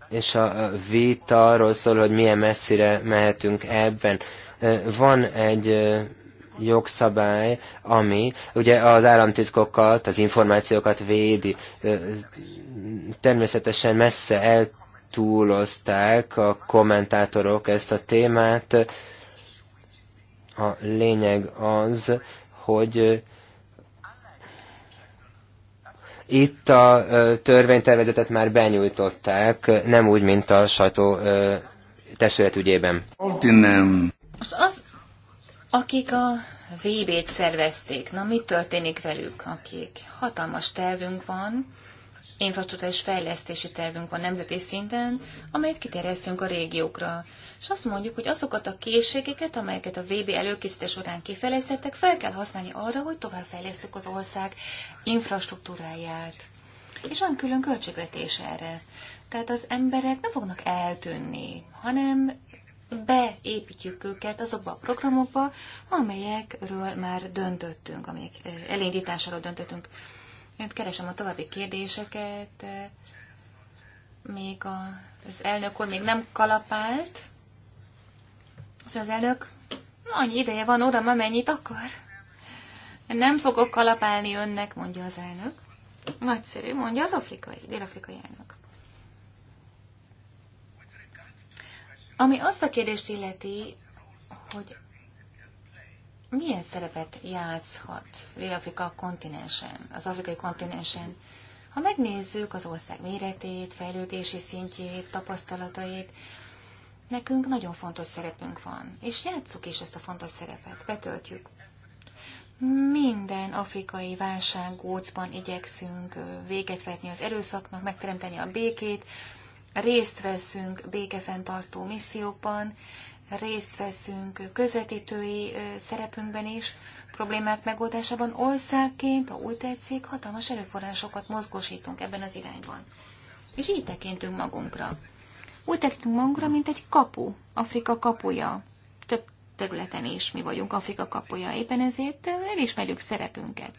És a vita arról szól, hogy milyen messzire mehetünk ebben van egy jogszabály, ami ugye az államtitkokat, az információkat védi. Természetesen messze eltúlozták a kommentátorok ezt a témát. A lényeg az, hogy itt a törvénytervezetet már benyújtották, nem úgy, mint a sajtó testület ügyében. Most az, akik a VB-t szervezték, na mi történik velük, akik? Hatalmas tervünk van, infrastruktúrás fejlesztési tervünk van nemzeti szinten, amelyet kiterjesztünk a régiókra. És azt mondjuk, hogy azokat a készségeket, amelyeket a VB előkészítés során kifejlesztettek, fel kell használni arra, hogy továbbfejlesztjük az ország infrastruktúráját. És van külön költségvetés erre. Tehát az emberek nem fognak eltűnni, hanem beépítjük őket azokba a programokba, amelyekről már döntöttünk, amelyek eh, elindításáról döntöttünk. Én keresem a további kérdéseket. Még az elnök úr még nem kalapált. Azt az elnök, annyi ideje van oda, ma mennyit akar. Nem fogok kalapálni önnek, mondja az elnök. Nagyszerű, mondja az afrikai, dél-afrikai elnök. Ami azt a kérdést illeti, hogy milyen szerepet játszhat Dél-Afrika kontinensen, az afrikai kontinensen, ha megnézzük az ország méretét, fejlődési szintjét, tapasztalatait, nekünk nagyon fontos szerepünk van, és játsszuk is ezt a fontos szerepet, betöltjük. Minden afrikai válsággócban igyekszünk véget vetni az erőszaknak, megteremteni a békét, részt veszünk békefenntartó missziókban, részt veszünk közvetítői szerepünkben is, problémák megoldásában országként, ha úgy tetszik, hatalmas erőforrásokat mozgósítunk ebben az irányban. És így tekintünk magunkra. Úgy tekintünk magunkra, mint egy kapu, Afrika kapuja. Több területen is mi vagyunk Afrika kapuja, éppen ezért elismerjük szerepünket.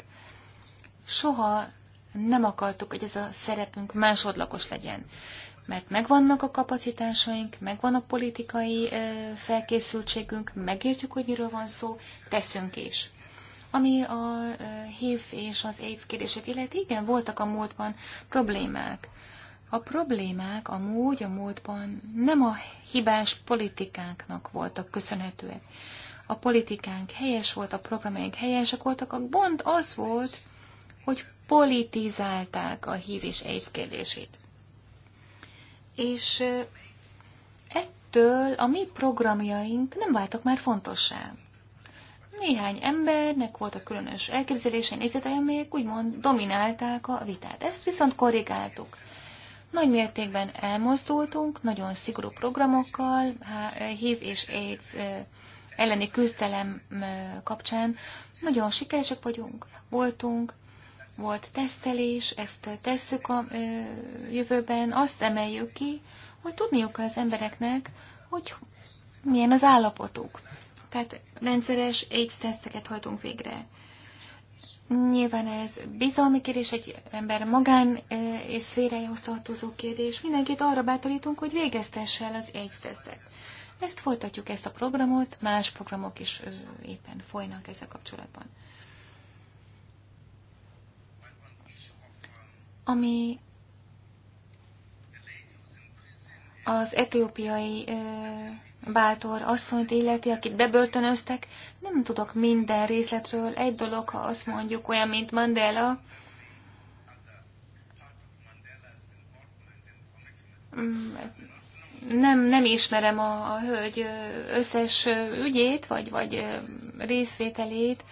Soha nem akartuk, hogy ez a szerepünk másodlagos legyen mert megvannak a kapacitásaink, megvan a politikai felkészültségünk, megértjük, hogy miről van szó, teszünk is. Ami a HIV és az AIDS kérdését illeti, igen, voltak a múltban problémák. A problémák a módja a múltban nem a hibás politikánknak voltak köszönhetőek. A politikánk helyes volt, a programjaink helyesek voltak, a gond az volt, hogy politizálták a hív és AIDS kérdését és ettől a mi programjaink nem váltak már fontossá. Néhány embernek volt a különös elképzelése, nézete, amelyek úgymond dominálták a vitát. Ezt viszont korrigáltuk. Nagy mértékben elmozdultunk, nagyon szigorú programokkal, HIV és AIDS elleni küzdelem kapcsán. Nagyon sikeresek vagyunk, voltunk, volt tesztelés, ezt tesszük a ö, jövőben, azt emeljük ki, hogy tudniuk az embereknek, hogy milyen az állapotuk. Tehát rendszeres AIDS teszteket hajtunk végre. Nyilván ez bizalmi kérdés, egy ember magán és szférájához tartozó kérdés. Mindenkit arra bátorítunk, hogy végeztesse el az AIDS tesztet. Ezt folytatjuk, ezt a programot, más programok is éppen folynak ezzel kapcsolatban. ami az etiópiai bátor asszonyt illeti, akit bebörtönöztek. Nem tudok minden részletről. Egy dolog, ha azt mondjuk olyan, mint Mandela, mm, nem, nem ismerem a, a hölgy összes ügyét, vagy, vagy részvételét,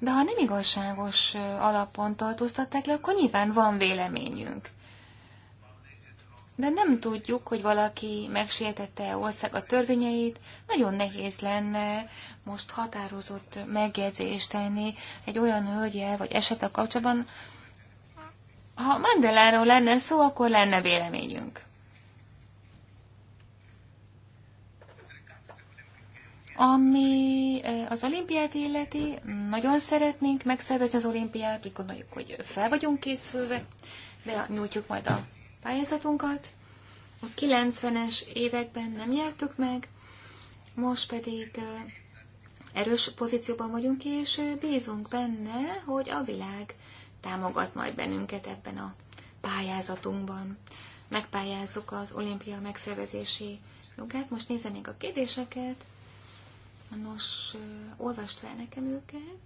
de ha nem igazságos alapon tartóztatták le, akkor nyilván van véleményünk. De nem tudjuk, hogy valaki megsértette ország a törvényeit, nagyon nehéz lenne most határozott megjegyzést tenni egy olyan hölgyel vagy esetek kapcsolatban. Ha Mandeláról lenne szó, akkor lenne véleményünk. Ami az olimpiát illeti, nagyon szeretnénk megszervezni az olimpiát, úgy gondoljuk, hogy fel vagyunk készülve, nyújtjuk majd a pályázatunkat. A 90-es években nem jártuk meg, most pedig erős pozícióban vagyunk, és bízunk benne, hogy a világ támogat majd bennünket ebben a pályázatunkban. Megpályázzuk az olimpia megszervezési jogát. Most nézem még a kérdéseket. Nos, olvast fel nekem őket.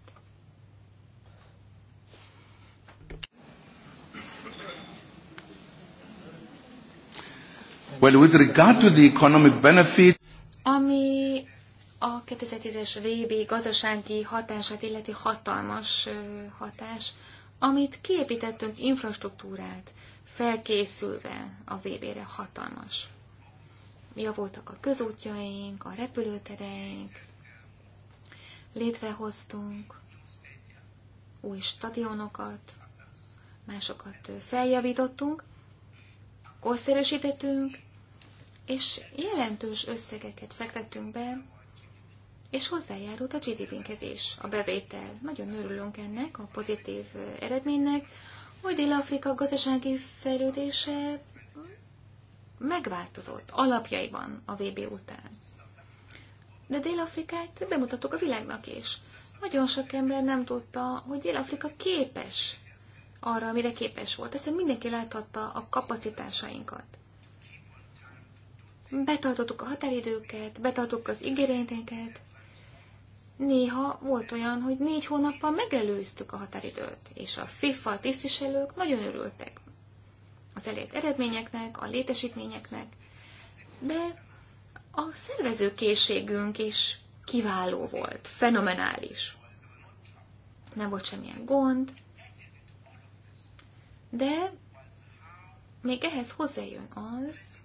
Well, with regard to the economic benefit, ami a 2010-es VB gazdasági hatását illeti hatalmas hatás, amit kiépítettünk infrastruktúrát, felkészülve a VB-re hatalmas. Ja voltak a közútjaink, a repülőtereink, létrehoztunk új stadionokat, másokat feljavítottunk, korszerűsítettünk, és jelentős összegeket fektettünk be, és hozzájárult a GDP-nkhez is, a bevétel. Nagyon örülünk ennek a pozitív eredménynek, hogy Dél-Afrika gazdasági fejlődése megváltozott alapjaiban a VB után de Dél-Afrikát bemutattuk a világnak is. Nagyon sok ember nem tudta, hogy Dél-Afrika képes arra, amire képes volt. Ezt mindenki láthatta a kapacitásainkat. Betartottuk a határidőket, betartottuk az ígéreteket. Néha volt olyan, hogy négy hónappal megelőztük a határidőt, és a FIFA tisztviselők nagyon örültek az elért eredményeknek, a létesítményeknek, de a szervezőkészségünk is kiváló volt, fenomenális. Nem volt semmilyen gond, de még ehhez hozzájön az,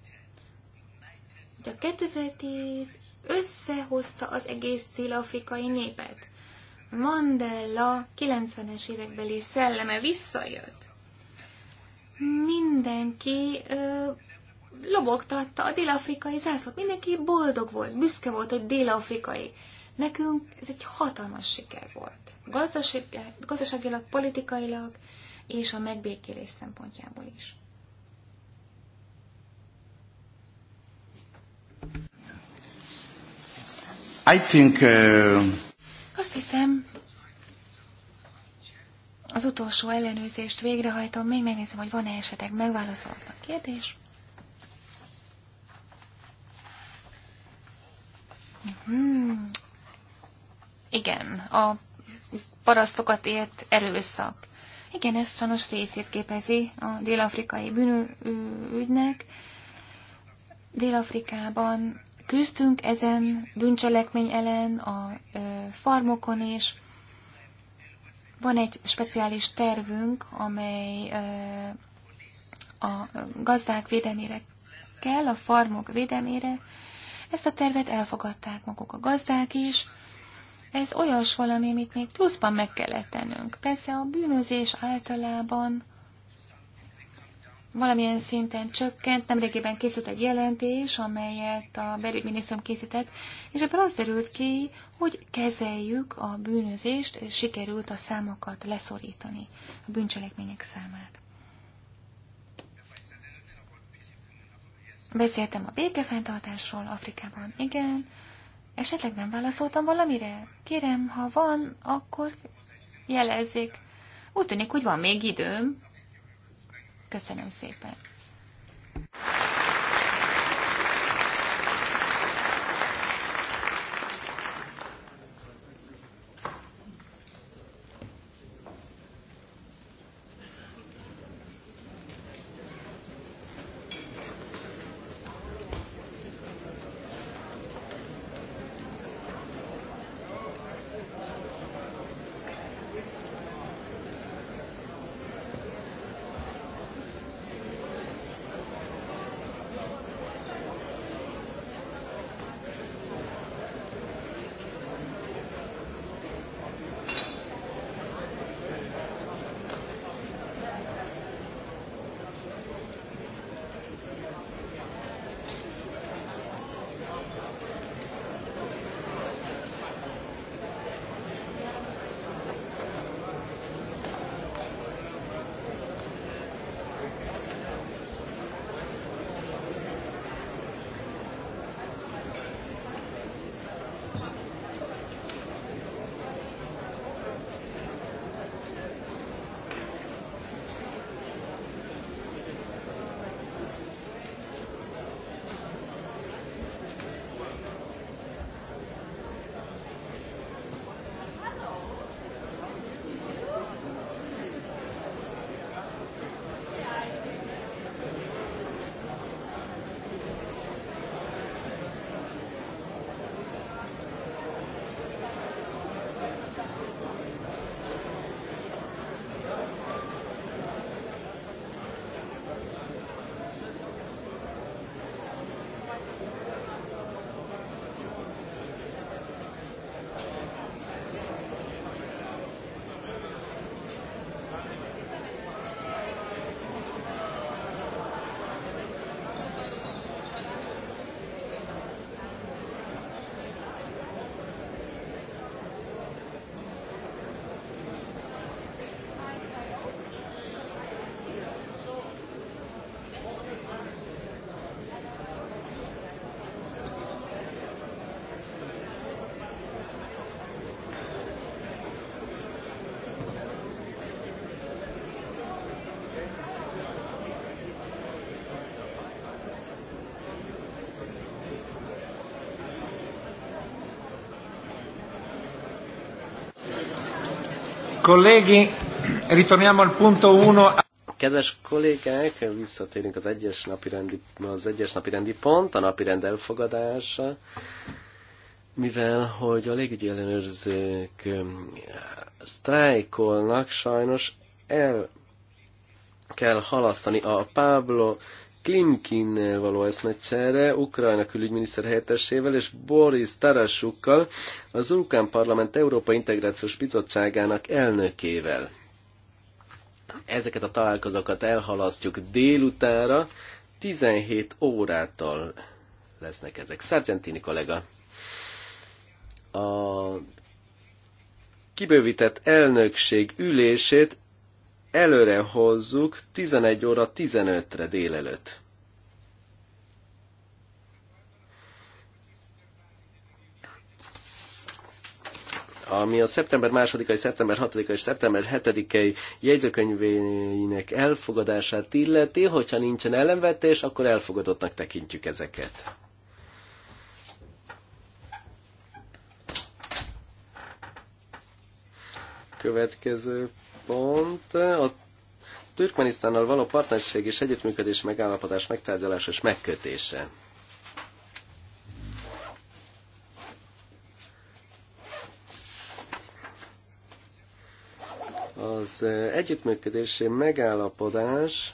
hogy a 2010 összehozta az egész dél-afrikai népet. Mandela 90-es évekbeli szelleme visszajött. Mindenki ö, lobogtatta a dél-afrikai zászlót. Mindenki boldog volt, büszke volt, hogy dél-afrikai. Nekünk ez egy hatalmas siker volt. Gazdaság, gazdaságilag, politikailag és a megbékélés szempontjából is. I think, uh... Azt hiszem, az utolsó ellenőrzést végrehajtom, még megnézem, hogy van-e esetleg megválaszolatlan kérdés. Hmm. Igen, a parasztokat ért erőszak. Igen, ez sajnos részét képezi a dél-afrikai bűnügynek. Dél-Afrikában küzdünk ezen bűncselekmény ellen a ö, farmokon is. Van egy speciális tervünk, amely ö, a gazdák védelmére kell, a farmok védelmére, ezt a tervet elfogadták maguk a gazdák is. Ez olyas valami, amit még pluszban meg kellett tennünk. Persze a bűnözés általában valamilyen szinten csökkent. Nemrégében készült egy jelentés, amelyet a belügyminisztérium készített, és ebből az derült ki, hogy kezeljük a bűnözést, és sikerült a számokat leszorítani, a bűncselekmények számát. Beszéltem a békefenntartásról Afrikában, igen. Esetleg nem válaszoltam valamire? Kérem, ha van, akkor jelezzék. Úgy tűnik, hogy van még időm. Köszönöm szépen. punto 1. Kedves kollégák, visszatérünk az egyes rendi, az egyes rendi pont, a rend elfogadása, mivel hogy a légügyi ellenőrzők sztrájkolnak, sajnos el kell halasztani a Pablo Klimkinnel való eszmecsere, Ukrajna külügyminiszter helyettesével és Boris Tarasukkal, az Ukrán Parlament Európa Integrációs Bizottságának elnökével. Ezeket a találkozókat elhalasztjuk délutára, 17 órától lesznek ezek. Sargentini kollega, a kibővített elnökség ülését előre hozzuk 11 óra 15-re délelőtt. ami a szeptember 2-ai, szeptember 6 és szeptember 7-ei jegyzőkönyvének elfogadását illeti, hogyha nincsen ellenvetés, akkor elfogadottnak tekintjük ezeket. Következő pont a Türkmenisztánnal való partnerség és együttműködés megállapodás megtárgyalás és megkötése. Az együttműködési megállapodás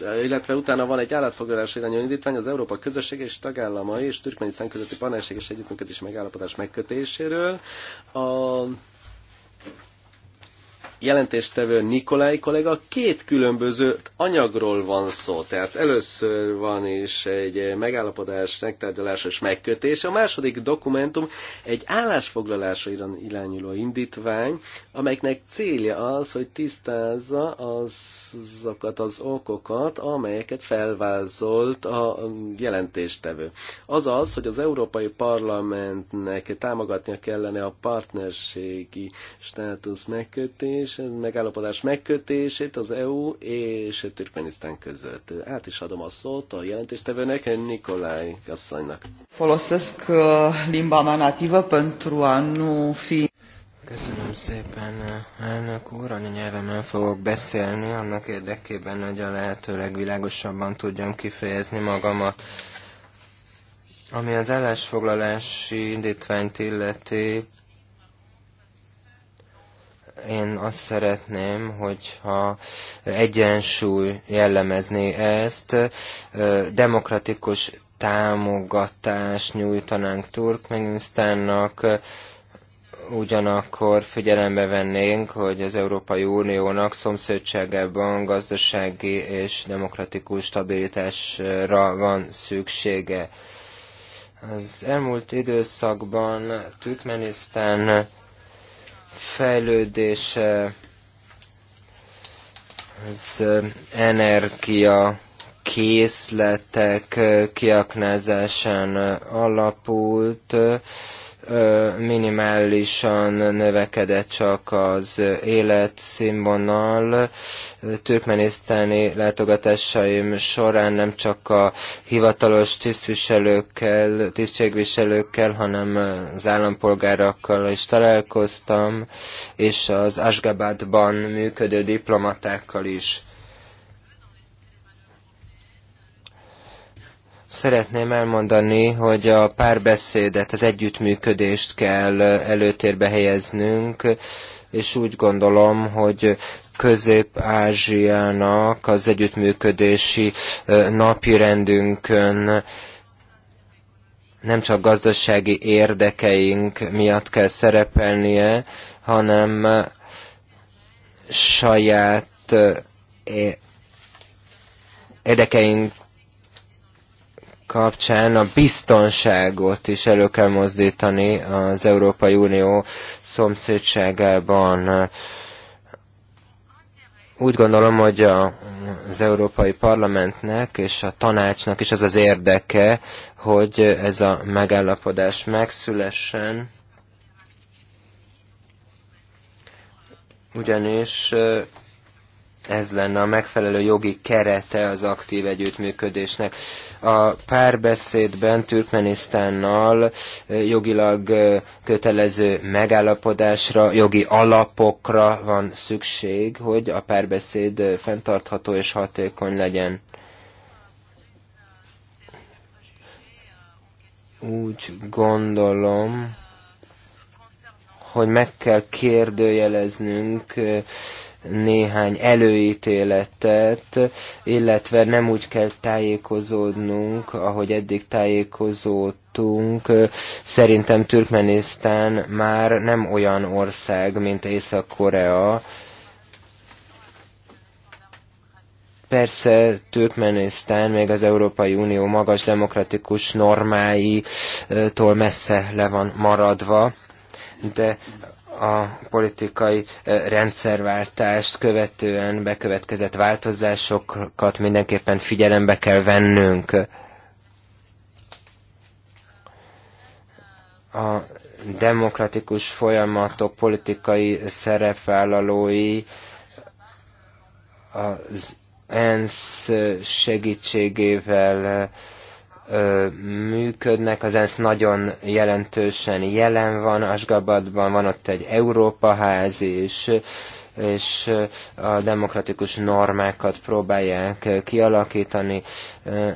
illetve utána van egy állatfoglalás irányú indítvány az Európa Közösség és tagállamai és Türkmenisztán közötti partnerség és együttműködés megállapodás megkötéséről. A jelentéstevő Nikolai kollega két különböző anyagról van szó. Tehát először van is egy megállapodás, megtárgyalás és megkötés. A második dokumentum egy állásfoglalásra irányuló indítvány, amelynek célja az, hogy tisztázza azokat az okokat, amelyeket felvázolt a jelentéstevő. Az az, hogy az Európai Parlamentnek támogatnia kellene a partnerségi státusz megkötés, és megállapodás megkötését az EU és Türkmenisztán között. Át is adom a szót a jelentéstevőnek, Nikolaj Kasszanynak. Folosesc uh, limba manativa pentru a nu fi Köszönöm szépen, uh, elnök úr, anyanyelvemen fogok beszélni, annak érdekében, hogy a lehető legvilágosabban tudjam kifejezni magamat. Ami az állásfoglalási indítványt illeti, én azt szeretném, hogyha egyensúly jellemezné ezt, demokratikus támogatást nyújtanánk Turkmenisztánnak, ugyanakkor figyelembe vennénk, hogy az Európai Uniónak szomszédságában gazdasági és demokratikus stabilitásra van szüksége. Az elmúlt időszakban Türkmenisztán fejlődése, az energia készletek kiaknázásán alapult, minimálisan növekedett csak az életszínvonal. Türkmenisztáni látogatásaim során nem csak a hivatalos tisztviselőkkel, tisztségviselőkkel, hanem az állampolgárakkal is találkoztam, és az Asgabadban működő diplomatákkal is. Szeretném elmondani, hogy a párbeszédet, az együttműködést kell előtérbe helyeznünk, és úgy gondolom, hogy Közép-Ázsiának az együttműködési napirendünkön nem csak gazdasági érdekeink miatt kell szerepelnie, hanem saját érdekeink kapcsán a biztonságot is elő kell mozdítani az Európai Unió szomszédságában. Úgy gondolom, hogy a, az Európai Parlamentnek és a tanácsnak is az az érdeke, hogy ez a megállapodás megszülessen, ugyanis ez lenne a megfelelő jogi kerete az aktív együttműködésnek a párbeszédben Türkmenisztánnal eh, jogilag eh, kötelező megállapodásra, jogi alapokra van szükség, hogy a párbeszéd eh, fenntartható és hatékony legyen. Úgy gondolom, hogy meg kell kérdőjeleznünk néhány előítéletet, illetve nem úgy kell tájékozódnunk, ahogy eddig tájékozódtunk. Szerintem Türkmenisztán már nem olyan ország, mint Észak-Korea. Persze Türkmenisztán még az Európai Unió magas demokratikus normáitól eh, messze le van maradva, de a politikai e, rendszerváltást követően bekövetkezett változásokat mindenképpen figyelembe kell vennünk. A demokratikus folyamatok politikai szerepvállalói az ENSZ segítségével működnek, az ENSZ nagyon jelentősen jelen van Asgabadban, van ott egy Európa ház is, és a demokratikus normákat próbálják kialakítani,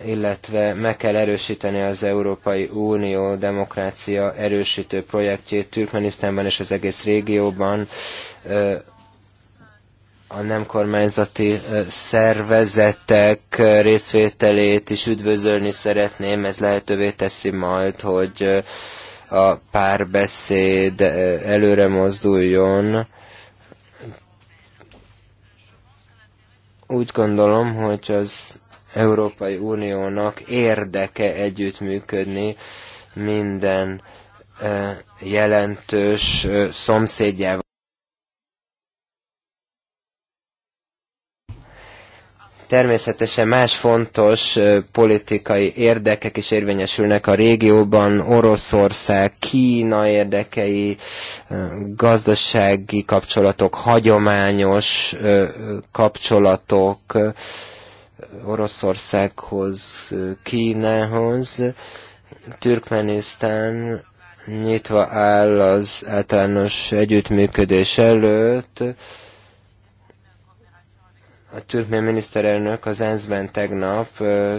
illetve meg kell erősíteni az Európai Unió demokrácia erősítő projektjét Türkmenisztánban és az egész régióban a nem kormányzati szervezetek részvételét is üdvözölni szeretném, ez lehetővé teszi majd, hogy a párbeszéd előre mozduljon. Úgy gondolom, hogy az Európai Uniónak érdeke együttműködni minden jelentős szomszédjával. Természetesen más fontos politikai érdekek is érvényesülnek a régióban, Oroszország, Kína érdekei, gazdasági kapcsolatok, hagyományos kapcsolatok Oroszországhoz, Kínához. Türkmenisztán nyitva áll az általános együttműködés előtt, a türkmén miniszterelnök az ENSZ-ben tegnap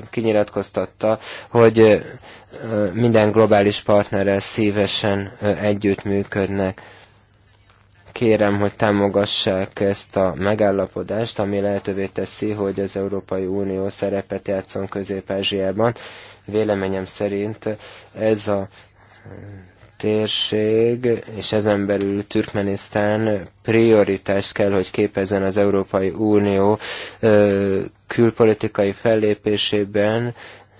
kinyilatkoztatta, hogy minden globális partnerrel szívesen együttműködnek. Kérem, hogy támogassák ezt a megállapodást, ami lehetővé teszi, hogy az Európai Unió szerepet játszon Közép-Ázsiában. Véleményem szerint ez a térség, és ezen belül Türkmenisztán prioritást kell, hogy képezzen az Európai Unió külpolitikai fellépésében,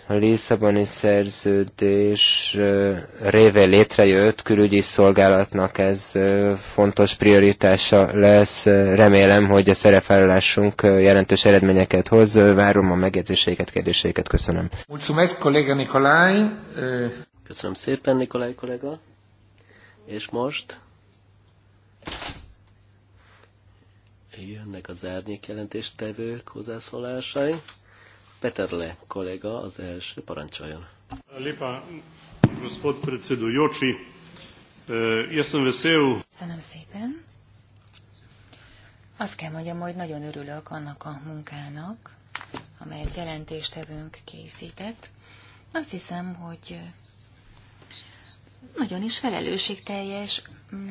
a Lisszaboni szerződés révén létrejött külügyi szolgálatnak ez fontos prioritása lesz. Remélem, hogy a szerepvállalásunk jelentős eredményeket hoz. Várom a megjegyzéseiket, kérdéseiket. Köszönöm. kollega Nikolai. Köszönöm szépen, Nikolai kollega. És most jönnek az árnyék jelentéstevők hozzászólásai. Peterle kollega az első, parancsoljon. Lépa, gospod predsedujoči, e, jaz sem vesel. Köszönöm szépen. Azt kell mondjam, hogy nagyon örülök annak a munkának, amelyet jelentéstevőnk készített. Azt hiszem, hogy nagyon is felelősségteljes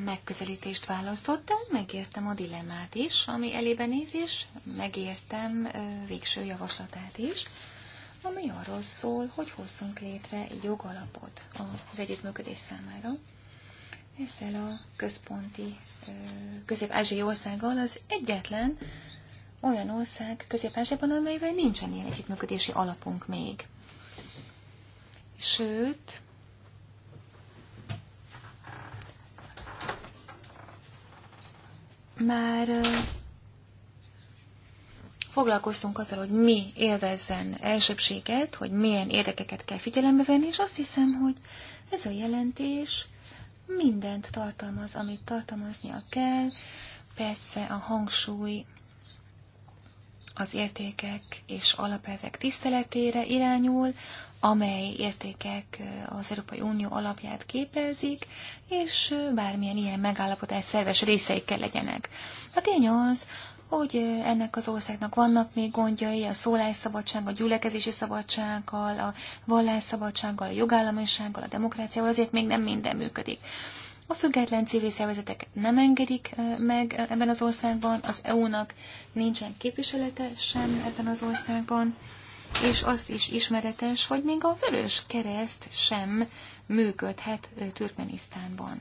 megközelítést választott, de megértem a dilemmát is, ami elébe néz, és megértem végső javaslatát is, ami arról szól, hogy hozzunk létre jogalapot az együttműködés számára. Ezzel a központi közép-ázsiai országgal az egyetlen olyan ország közép-ázsiában, amelyben nincsen ilyen együttműködési alapunk még. Sőt, már foglalkoztunk azzal, hogy mi élvezzen elsőbséget, hogy milyen érdekeket kell figyelembe venni, és azt hiszem, hogy ez a jelentés mindent tartalmaz, amit tartalmaznia kell. Persze a hangsúly az értékek és alapelvek tiszteletére irányul, amely értékek az Európai Unió alapját képezik, és bármilyen ilyen megállapodás szerves kell legyenek. A tény az, hogy ennek az országnak vannak még gondjai a szólásszabadság, a gyülekezési szabadsággal, a vallásszabadsággal, a jogállamisággal, a demokráciával, azért még nem minden működik. A független civil szervezetek nem engedik meg ebben az országban, az EU-nak nincsen képviselete sem ebben az országban, és az is ismeretes, hogy még a Vörös Kereszt sem működhet Türkmenisztánban.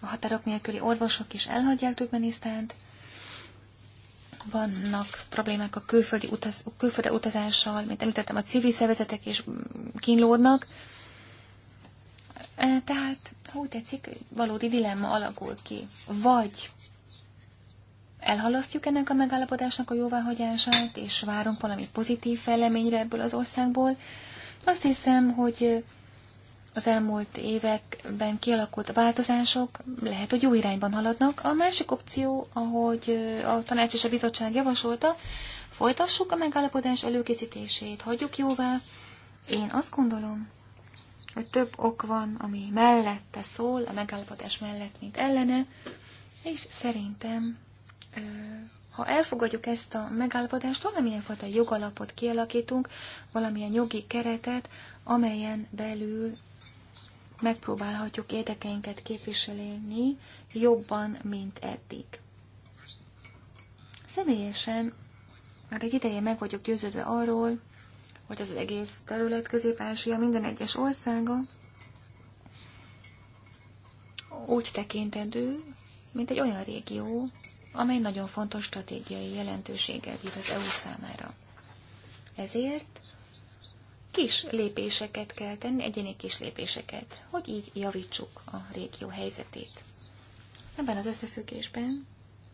A határok nélküli orvosok is elhagyják Türkmenisztánt, vannak problémák a külföldi utaz, külföldre utazással, mint említettem, a civil szervezetek is mm, kínlódnak. E, tehát, ha úgy tetszik, valódi dilemma alakul ki. Vagy elhalasztjuk ennek a megállapodásnak a jóváhagyását, és várunk valami pozitív fejleményre ebből az országból. Azt hiszem, hogy az elmúlt években kialakult változások lehet, hogy jó irányban haladnak. A másik opció, ahogy a tanács és a bizottság javasolta, folytassuk a megállapodás előkészítését, hagyjuk jóvá. Én azt gondolom, hogy több ok van, ami mellette szól, a megállapodás mellett, mint ellene, és szerintem, ha elfogadjuk ezt a megállapodást, valamilyen fajta jogalapot kialakítunk, valamilyen jogi keretet, amelyen belül megpróbálhatjuk érdekeinket képviselni jobban, mint eddig. Személyesen már egy ideje meg vagyok győződve arról, hogy az egész terület Közép-Ázsia minden egyes országa úgy tekintendő, mint egy olyan régió, amely nagyon fontos stratégiai jelentőséggel bír az EU számára. Ezért kis lépéseket kell tenni, egyéni kis lépéseket, hogy így javítsuk a régió helyzetét. Ebben az összefüggésben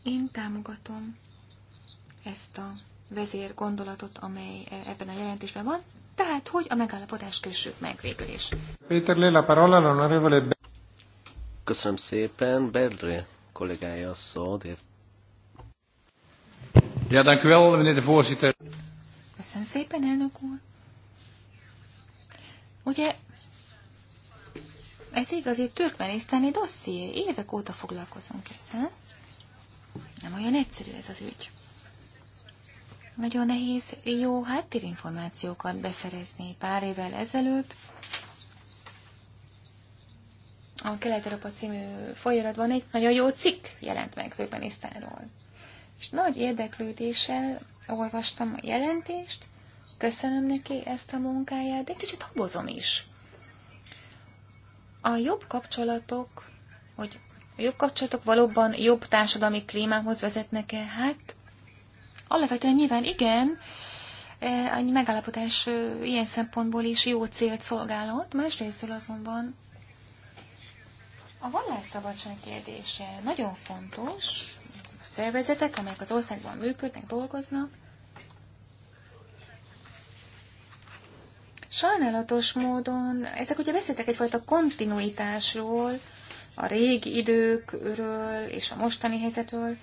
én támogatom ezt a vezér gondolatot, amely eh, ebben a jelentésben van, tehát hogy a megállapodást kössük meg végül is. Péter Léla Parola, l'onorevole Köszönöm szépen, Berdre kollégája a szó, Ja, dank u wel, meneer de voorzitter. Köszönöm szépen, elnök úr. Ugye, ez igazi türkmenisztáni dosszié, évek óta foglalkozunk ezzel. Nem olyan egyszerű ez az ügy. Nagyon nehéz jó háttérinformációkat beszerezni pár évvel ezelőtt. A Kelet-Európa című folyamatban egy nagyon jó cikk jelent meg Főbenisztánról. És nagy érdeklődéssel olvastam a jelentést, köszönöm neki ezt a munkáját, de kicsit habozom is. A jobb kapcsolatok, hogy a jobb kapcsolatok valóban jobb társadalmi klímához vezetnek-e? Hát Alapvetően nyilván igen, e, egy megállapodás ilyen szempontból is jó célt szolgálhat, Másrésztől azonban a vallásszabadság kérdése nagyon fontos. A szervezetek, amelyek az országban működnek, dolgoznak, sajnálatos módon, ezek ugye beszéltek egyfajta kontinuitásról, a régi időkről és a mostani helyzetről,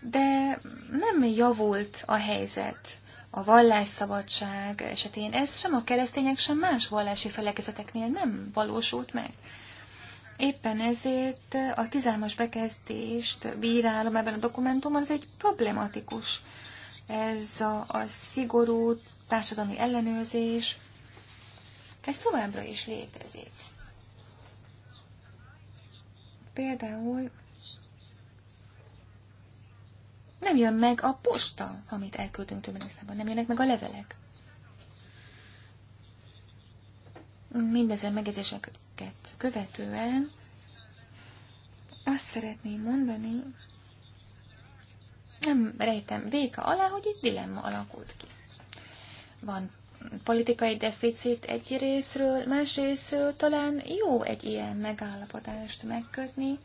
de nem javult a helyzet a vallásszabadság esetén. Ez sem a keresztények, sem más vallási felekezeteknél nem valósult meg. Éppen ezért a tizámas bekezdést bírálom ebben a dokumentumban, ez egy problematikus. Ez a, a szigorú társadalmi ellenőrzés, ez továbbra is létezik. Például nem jön meg a posta, amit elküldtünk Türkmenisztánban. Nem jönnek meg a levelek. Mindezen megjegyzéseket követően azt szeretném mondani, nem rejtem véka alá, hogy itt dilemma alakult ki. Van politikai deficit egy részről, más részről talán jó egy ilyen megállapodást megkötni,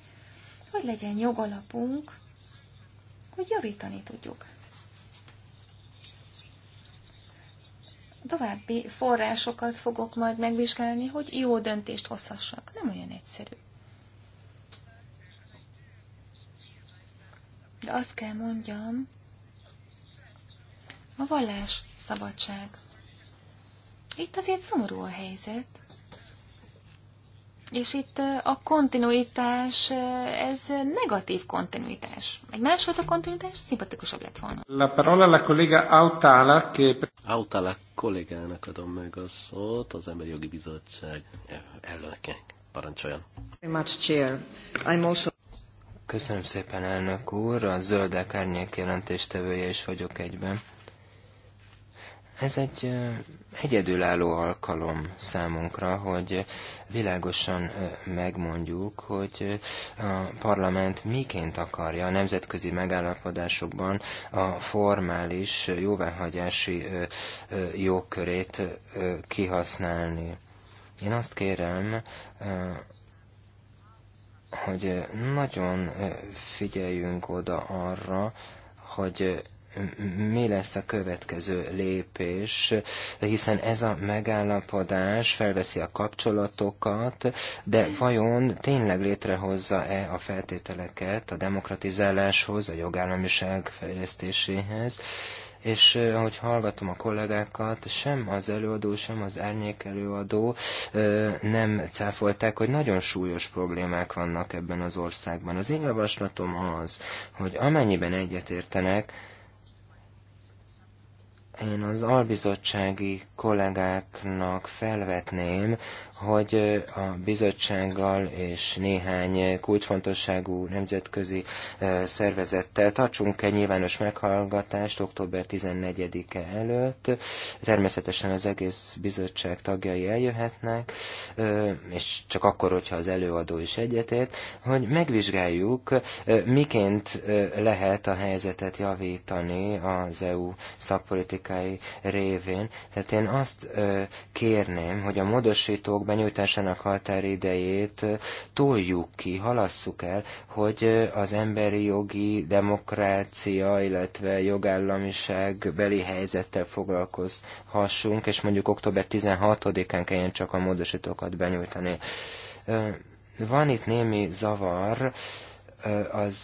hogy legyen jogalapunk hogy javítani tudjuk. További forrásokat fogok majd megvizsgálni, hogy jó döntést hozhassak. Nem olyan egyszerű. De azt kell mondjam, a vallás szabadság. Itt azért szomorú a helyzet. És itt a kontinuitás, ez negatív kontinuitás. Egy a kontinuitás szimpatikusabb lett volna. La parola la collega Autala, che... Autala kollégának adom meg a szót, az Emberi Jogi Bizottság elnöke. Parancsoljon. Köszönöm szépen, elnök úr. A zöldek árnyék jelentéstevője is vagyok egyben. Ez egy egyedülálló alkalom számunkra, hogy világosan megmondjuk, hogy a parlament miként akarja a nemzetközi megállapodásokban a formális jóváhagyási jogkörét kihasználni. Én azt kérem, hogy nagyon figyeljünk oda arra, hogy mi lesz a következő lépés, hiszen ez a megállapodás felveszi a kapcsolatokat, de vajon tényleg létrehozza-e a feltételeket a demokratizáláshoz, a jogállamiság fejlesztéséhez, és ahogy hallgatom a kollégákat, sem az előadó, sem az árnyék előadó nem cáfolták, hogy nagyon súlyos problémák vannak ebben az országban. Az én javaslatom az, hogy amennyiben egyetértenek, én az albizottsági kollégáknak felvetném, hogy a bizottsággal és néhány kulcsfontosságú nemzetközi szervezettel tartsunk egy nyilvános meghallgatást október 14-e előtt. Természetesen az egész bizottság tagjai eljöhetnek, és csak akkor, hogyha az előadó is egyetért, hogy megvizsgáljuk, miként lehet a helyzetet javítani az EU szakpolitikai révén. Tehát én azt kérném, hogy a módosítók benyújtásának idejét toljuk ki, halasszuk el, hogy az emberi jogi demokrácia, illetve jogállamiság beli helyzettel foglalkozhassunk, és mondjuk október 16-án kelljen csak a módosítókat benyújtani. Van itt némi zavar az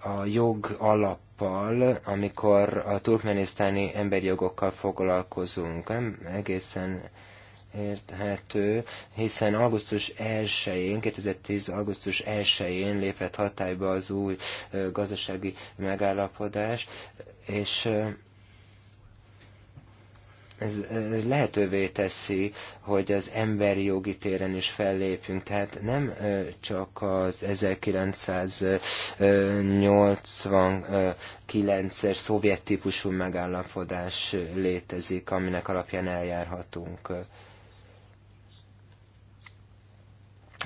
a jog alap amikor a turkmenisztáni emberjogokkal foglalkozunk, nem egészen érthető, hiszen augusztus 1-én, 2010. augusztus 1-én lépett hatályba az új gazdasági megállapodás, és ez lehetővé teszi, hogy az emberi jogi téren is fellépjünk. Tehát nem csak az 1989-es szovjet típusú megállapodás létezik, aminek alapján eljárhatunk.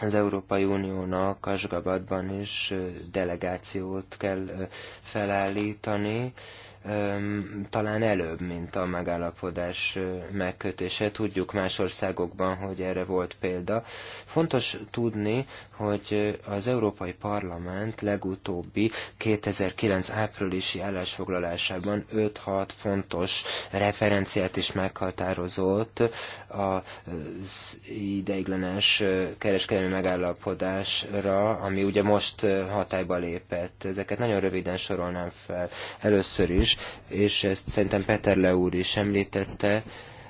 az Európai Uniónak Asgabatban is delegációt kell felállítani, talán előbb, mint a megállapodás megkötése. Tudjuk más országokban, hogy erre volt példa. Fontos tudni, hogy az Európai Parlament legutóbbi 2009 áprilisi állásfoglalásában 5-6 fontos referenciát is meghatározott az ideiglenes kereskedelmi megállapodásra, ami ugye most hatályba lépett. Ezeket nagyon röviden sorolnám fel először is, és ezt szerintem Peter Le úr is említette,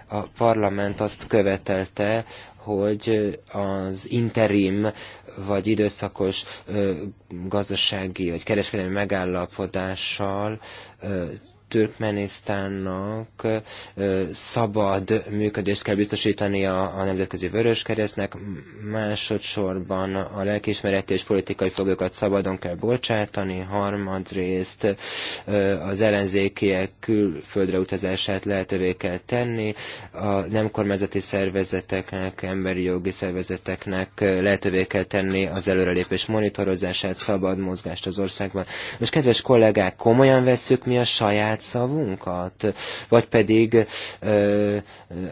a parlament azt követelte, hogy az interim vagy időszakos gazdasági vagy kereskedelmi megállapodással Türkmenisztánnak szabad működést kell biztosítani a, a Nemzetközi Vöröskeresztnek, másodszorban a lelkiismereti és politikai foglyokat szabadon kell bocsátani, harmadrészt az ellenzékiek külföldre utazását lehetővé kell tenni, a nem kormányzati szervezeteknek, emberi jogi szervezeteknek lehetővé kell tenni az előrelépés monitorozását, szabad mozgást az országban. Most kedves kollégák, komolyan veszük mi a saját saját szavunkat, vagy pedig ö,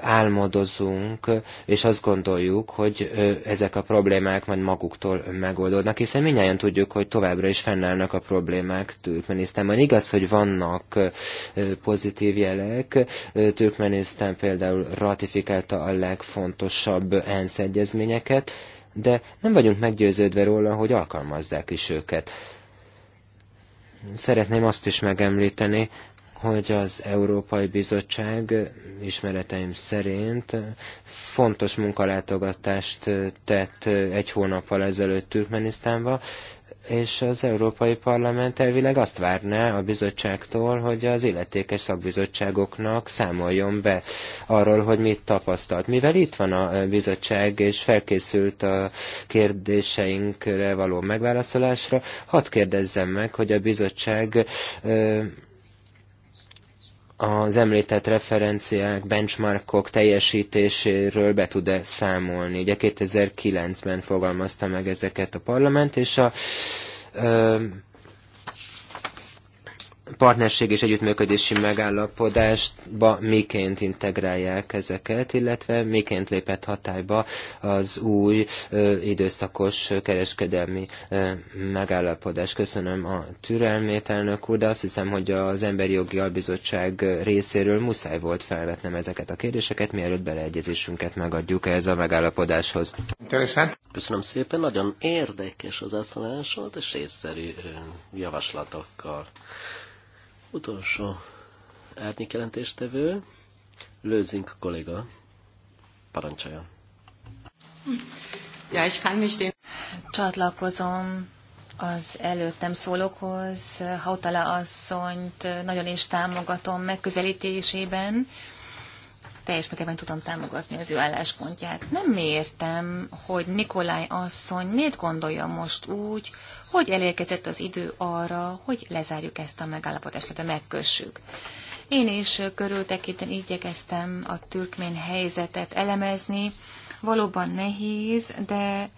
álmodozunk, és azt gondoljuk, hogy ö, ezek a problémák majd maguktól megoldódnak, hiszen mindjárt tudjuk, hogy továbbra is fennállnak a problémák Türkmenisztánban. Igaz, hogy vannak ö, pozitív jelek, Türkmenisztán például ratifikálta a legfontosabb ENSZ egyezményeket, de nem vagyunk meggyőződve róla, hogy alkalmazzák is őket szeretném azt is megemlíteni, hogy az Európai Bizottság ismereteim szerint fontos munkalátogatást tett egy hónappal ezelőtt Türkmenisztánba, és az Európai Parlament elvileg azt várná a bizottságtól, hogy az illetékes szakbizottságoknak számoljon be arról, hogy mit tapasztalt. Mivel itt van a bizottság, és felkészült a kérdéseinkre való megválaszolásra, hadd kérdezzem meg, hogy a bizottság az említett referenciák, benchmarkok teljesítéséről be tud-e számolni. Ugye 2009-ben fogalmazta meg ezeket a parlament, és a partnerség és együttműködési megállapodásba miként integrálják ezeket, illetve miként lépett hatályba az új időszakos kereskedelmi megállapodás. Köszönöm a türelmét, elnök úr, de azt hiszem, hogy az Emberi Jogi Albizottság részéről muszáj volt felvetnem ezeket a kérdéseket, mielőtt beleegyezésünket megadjuk ehhez a megállapodáshoz. Köszönöm szépen, nagyon érdekes az volt, és észszerű javaslatokkal. Utolsó árnyék jelentéstevő, Lőzink kolléga. parancsolja. Ja, és kann mich den... Csatlakozom az előttem szólókhoz. Hautala asszonyt nagyon is támogatom megközelítésében. Teljes mértékben tudom támogatni az ő álláspontját. Nem értem, hogy Nikolaj asszony miért gondolja most úgy, hogy elérkezett az idő arra, hogy lezárjuk ezt a megállapodást, tehát megkössük. Én is körültekinten igyekeztem a türkmén helyzetet elemezni. Valóban nehéz, de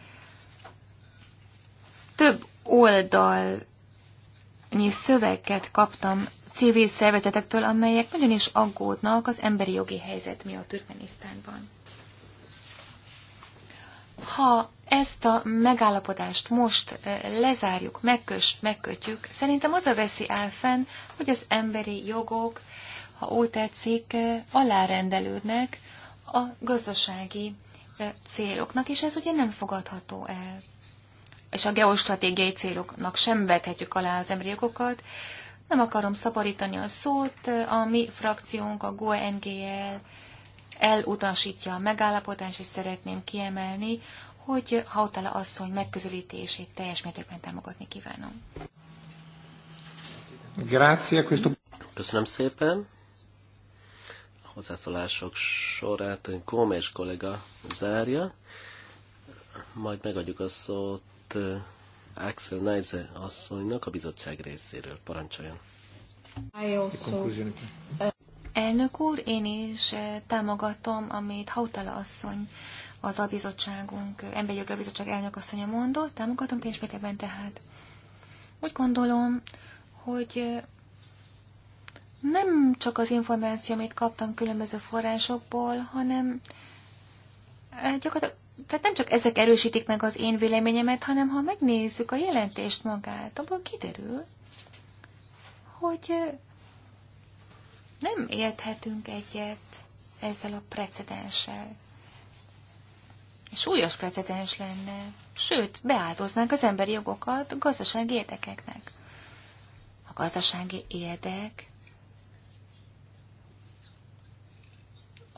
több oldalnyi szöveget kaptam civil szervezetektől, amelyek nagyon is aggódnak az emberi jogi helyzet miatt Türkmenisztánban. Ha ezt a megállapodást most lezárjuk, megkös, megkötjük, szerintem az a veszi áll fenn, hogy az emberi jogok, ha úgy tetszik, alárendelődnek a gazdasági céloknak, és ez ugye nem fogadható el. És a geostratégiai céloknak sem vethetjük alá az emberi jogokat. Nem akarom szaporítani a szót, a mi frakciónk, a GOE-NGL elutasítja a megállapodást, és szeretném kiemelni, hogy Hautala asszony megközelítését teljes mértékben támogatni kívánom. Grazie, questo... Köszönöm szépen. A hozzászólások sorát Gómez kollega zárja. Majd megadjuk a szót Axel Neise asszonynak a bizottság részéről. Parancsoljon. Uh, Elnök úr, én is támogatom, amit Hautala asszony az a bizottságunk, emberi jogi bizottság elnökasszonya mondott, támogatom teljes mértékben tehát. Úgy gondolom, hogy nem csak az információ, amit kaptam különböző forrásokból, hanem gyakorlatilag tehát nem csak ezek erősítik meg az én véleményemet, hanem ha megnézzük a jelentést magát, abból kiderül, hogy nem érthetünk egyet ezzel a precedenssel súlyos precedens lenne. Sőt, beáldoznánk az emberi jogokat gazdasági érdekeknek. A gazdasági érdek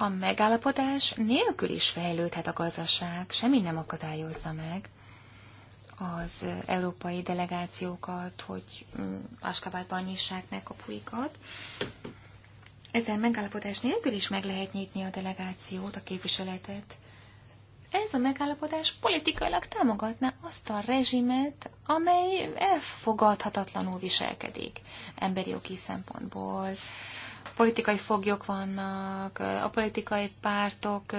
A megállapodás nélkül is fejlődhet a gazdaság, semmi nem akadályozza meg az európai delegációkat, hogy mm, Askabátban nyissák meg a puikat. Ezen megállapodás nélkül is meg lehet nyitni a delegációt, a képviseletet ez a megállapodás politikailag támogatná azt a rezsimet, amely elfogadhatatlanul viselkedik emberi jogi szempontból. Politikai foglyok vannak, a politikai pártok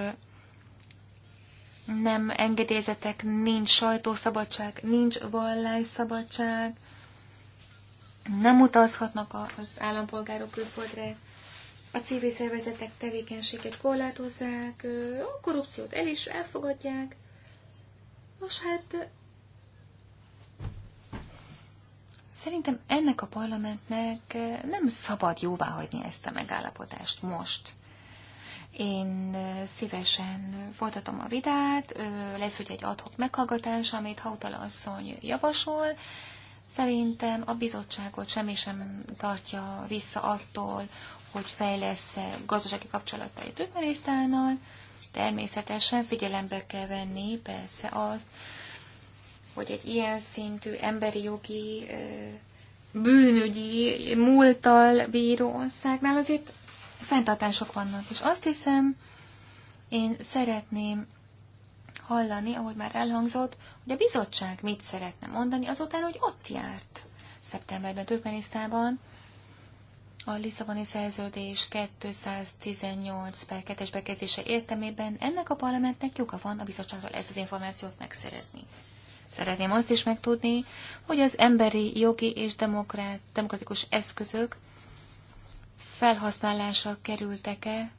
nem engedélyezetek, nincs sajtószabadság, nincs vallásszabadság, nem utazhatnak az állampolgárok külföldre, a civil szervezetek tevékenységét korlátozzák, a korrupciót el is elfogadják. Nos hát, szerintem ennek a parlamentnek nem szabad jóvá hagyni ezt a megállapodást most. Én szívesen folytatom a vidát. lesz ugye egy adhok meghallgatás, amit Hautala asszony javasol. Szerintem a bizottságot semmi sem tartja vissza attól, hogy fejlesz gazdasági kapcsolatait Türkmenisztánnal. Természetesen figyelembe kell venni persze azt, hogy egy ilyen szintű emberi jogi bűnügyi múltal bíró országnál azért fenntartások vannak. És azt hiszem, én szeretném hallani, ahogy már elhangzott, hogy a bizottság mit szeretne mondani azután, hogy ott járt szeptemberben Türkmenisztában, a Lisszaboni szerződés 218 per 2 bekezdése értelmében ennek a parlamentnek joga van a bizottságtól ezt az információt megszerezni. Szeretném azt is megtudni, hogy az emberi, jogi és demokrát, demokratikus eszközök felhasználásra kerültek-e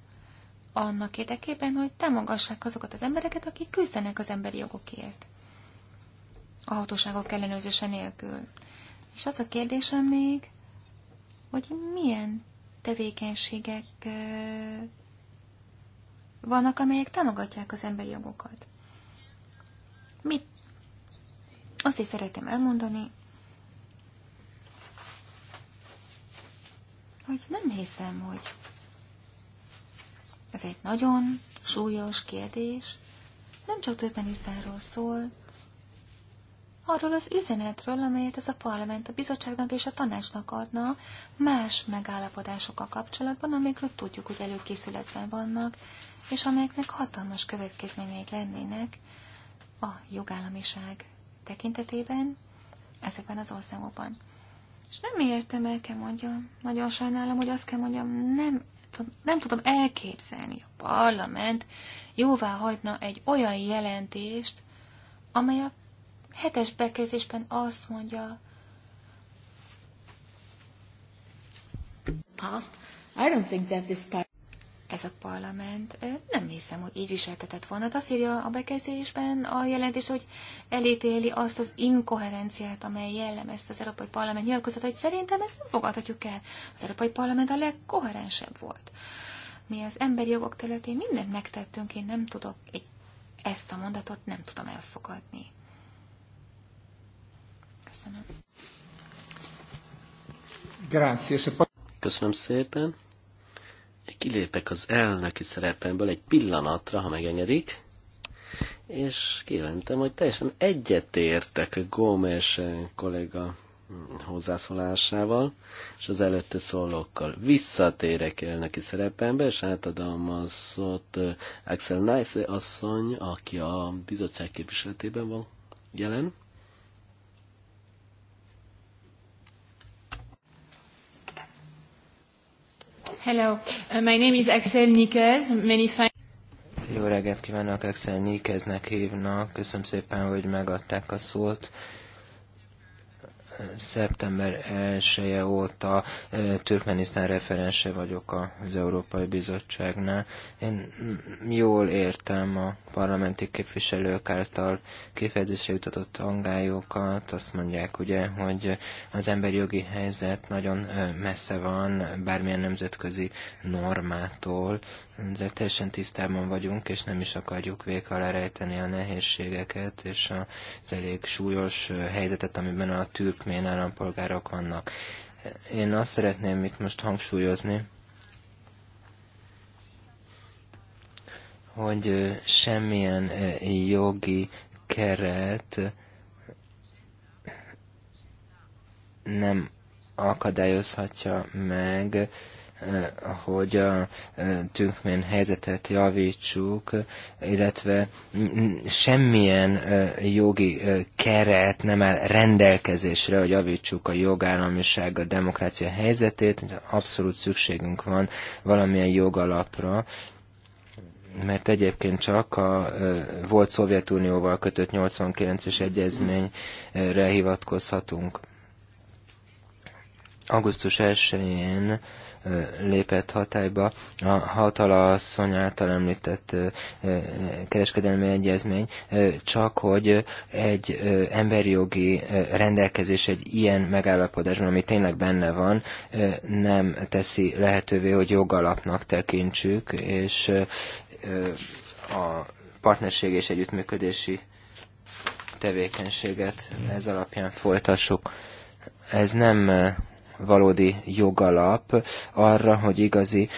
annak érdekében, hogy támogassák azokat az embereket, akik küzdenek az emberi jogokért. A hatóságok ellenőrzése nélkül. És az a kérdésem még, hogy milyen tevékenységek vannak, amelyek támogatják az emberi jogokat. Mit? Azt is szeretem elmondani, hogy nem hiszem, hogy ez egy nagyon súlyos kérdés, nem csak Törbenisztáról szól, arról az üzenetről, amelyet ez a parlament a bizottságnak és a tanácsnak adna más megállapodásokkal kapcsolatban, amikről tudjuk, hogy előkészületben vannak, és amelyeknek hatalmas következményeik lennének a jogállamiság tekintetében ezekben az országokban. És nem értem, el kell mondjam, nagyon sajnálom, hogy azt kell mondjam, nem, nem tudom elképzelni, hogy a parlament jóvá hagyna egy olyan jelentést, amely a hetes bekezdésben azt mondja, past. I don't think that this part... Ez a parlament eh, nem hiszem, hogy így viseltetett volna. azt írja a bekezdésben a jelentés, hogy elítéli azt az inkoherenciát, amely jellemezte az Európai Parlament nyilatkozat, hogy szerintem ezt nem fogadhatjuk el. Az Európai Parlament a legkoherensebb volt. Mi az emberi jogok területén mindent megtettünk, én nem tudok, egy, ezt a mondatot nem tudom elfogadni. Köszönöm. Köszönöm szépen. Kilépek az elnöki szerepemből egy pillanatra, ha megengedik, és kijelentem, hogy teljesen egyetértek Gómez kollega hozzászólásával, és az előtte szólókkal. Visszatérek elnöki szerepembe, és átadom az ott eh, Axel Nice asszony, aki a bizottság képviseletében van jelen. Hello, uh, my name is Axel Nikes. Many thanks. Jó reggelt kívánok, Axel Nikeznek hívnak. Köszönöm szépen, hogy megadták a szót szeptember 1-e óta uh, Türkmenisztán referense vagyok az Európai Bizottságnál. Én jól értem a parlamenti képviselők által kifejezésre jutatott hangályokat. Azt mondják ugye, hogy az emberi jogi helyzet nagyon messze van bármilyen nemzetközi normától. De teljesen tisztában vagyunk, és nem is akarjuk vég alá rejteni a nehézségeket, és az elég súlyos helyzetet, amiben a türkmén állampolgárok vannak. Én azt szeretném itt most hangsúlyozni, hogy semmilyen jogi keret nem akadályozhatja meg, hogy a tünkmén helyzetet javítsuk, illetve semmilyen jogi keret nem áll rendelkezésre, hogy javítsuk a jogállamiság, a demokrácia helyzetét, abszolút szükségünk van valamilyen jogalapra, mert egyébként csak a volt Szovjetunióval kötött 89-es egyezményre hivatkozhatunk. Augusztus 1-én lépett hatályba a hatala asszony által említett kereskedelmi egyezmény, csak hogy egy emberi jogi rendelkezés egy ilyen megállapodásban, ami tényleg benne van, nem teszi lehetővé, hogy jogalapnak tekintsük, és a partnerség és együttműködési tevékenységet ez alapján folytassuk. Ez nem valódi jogalap arra, hogy igazi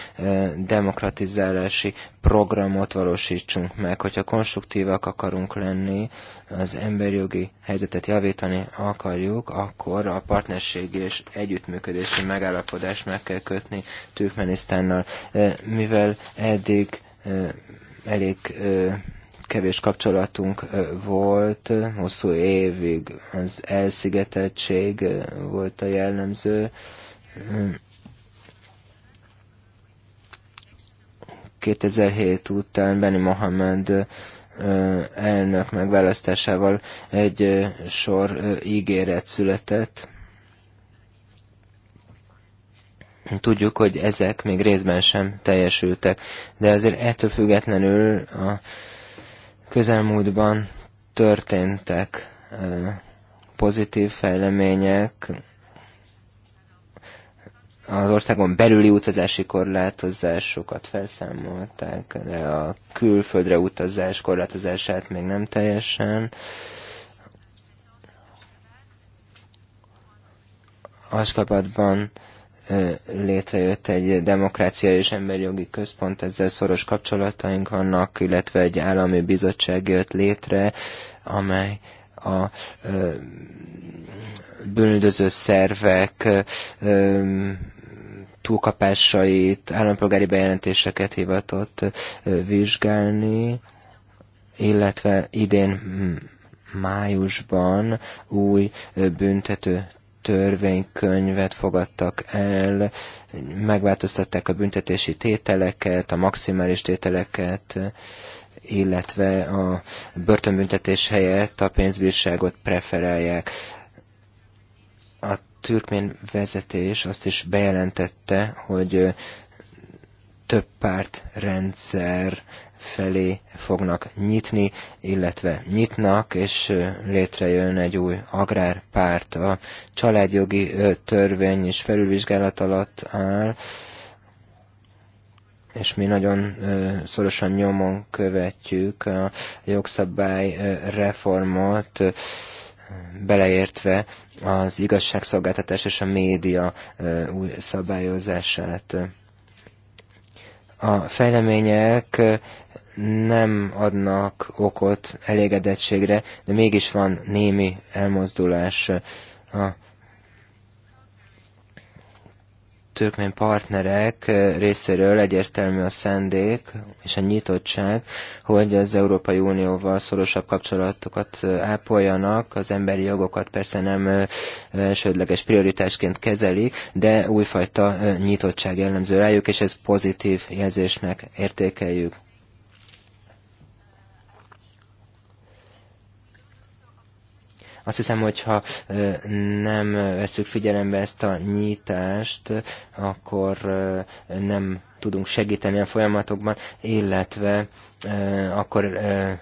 demokratizálási programot valósítsunk meg. Hogyha konstruktívak akarunk lenni, az emberi jogi helyzetet javítani akarjuk, akkor a partnerség és együttműködési megállapodást meg kell kötni Türkmenisztánnal, mivel eddig elég kevés kapcsolatunk volt, hosszú évig az elszigeteltség volt a jellemző. 2007 után Benny Mohamed elnök megválasztásával egy sor ígéret született, Tudjuk, hogy ezek még részben sem teljesültek, de azért ettől függetlenül a közelmúltban történtek pozitív fejlemények, az országon belüli utazási korlátozásokat felszámolták, de a külföldre utazás korlátozását még nem teljesen. Askabadban létrejött egy demokrácia és emberjogi központ, ezzel szoros kapcsolataink vannak, illetve egy állami bizottság jött létre, amely a bűnöldöző szervek túlkapásait, állampolgári bejelentéseket hivatott vizsgálni, illetve idén májusban új büntető törvénykönyvet fogadtak el, megváltoztatták a büntetési tételeket, a maximális tételeket, illetve a börtönbüntetés helyett a pénzbírságot preferálják. A türkmén vezetés azt is bejelentette, hogy több párt rendszer felé fognak nyitni, illetve nyitnak, és létrejön egy új agrárpárt. A családjogi törvény is felülvizsgálat alatt áll, és mi nagyon szorosan nyomon követjük a jogszabály reformot, beleértve az igazságszolgáltatás és a média új szabályozását. A fejlemények nem adnak okot elégedettségre, de mégis van némi elmozdulás a türkmén partnerek részéről egyértelmű a szendék és a nyitottság, hogy az Európai Unióval szorosabb kapcsolatokat ápoljanak, az emberi jogokat persze nem elsődleges prioritásként kezeli, de újfajta nyitottság jellemző rájuk, és ez pozitív jelzésnek értékeljük. Azt hiszem, hogyha nem veszük figyelembe ezt a nyitást, akkor nem tudunk segíteni a folyamatokban, illetve akkor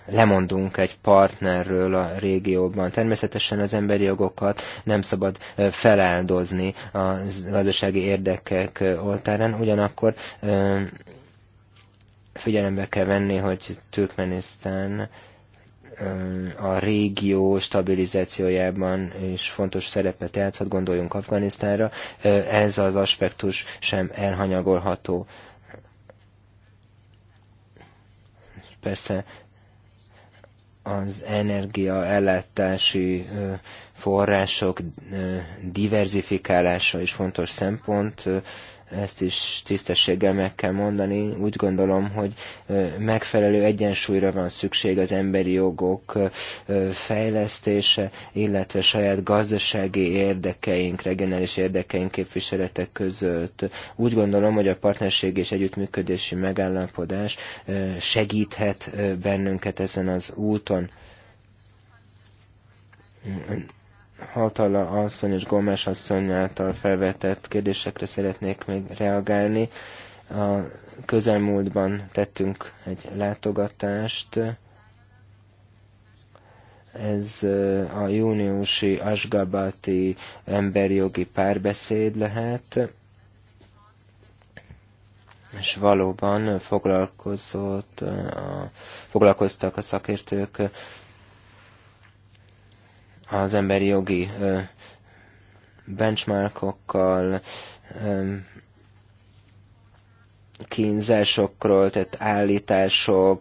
lemondunk egy partnerről a régióban. Természetesen az emberi jogokat nem szabad feláldozni a gazdasági érdekek oltárán, ugyanakkor figyelembe kell venni, hogy Türkmenisztán a régió stabilizációjában is fontos szerepet játszhat, gondoljunk Afganisztánra, ez az aspektus sem elhanyagolható. Persze az energiaellátási források diverzifikálása is fontos szempont, ezt is tisztességgel meg kell mondani. Úgy gondolom, hogy megfelelő egyensúlyra van szükség az emberi jogok fejlesztése, illetve saját gazdasági érdekeink, regionális érdekeink képviseletek között. Úgy gondolom, hogy a partnerség és együttműködési megállapodás segíthet bennünket ezen az úton Hatala asszony és Gomes asszony által felvetett kérdésekre szeretnék még reagálni. A közelmúltban tettünk egy látogatást. Ez a júniusi Asgabati emberjogi párbeszéd lehet, és valóban foglalkozott, a, foglalkoztak a szakértők az emberi jogi benchmarkokkal, kínzásokról, tehát állítások,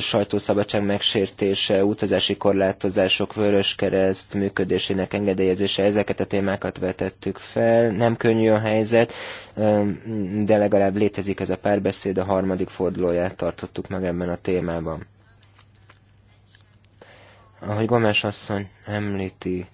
sajtószabadság megsértése, utazási korlátozások, vöröskereszt működésének engedélyezése, ezeket a témákat vetettük fel. Nem könnyű a helyzet, de legalább létezik ez a párbeszéd, a harmadik fordulóját tartottuk meg ebben a témában. Ahogy Gomes asszony említi,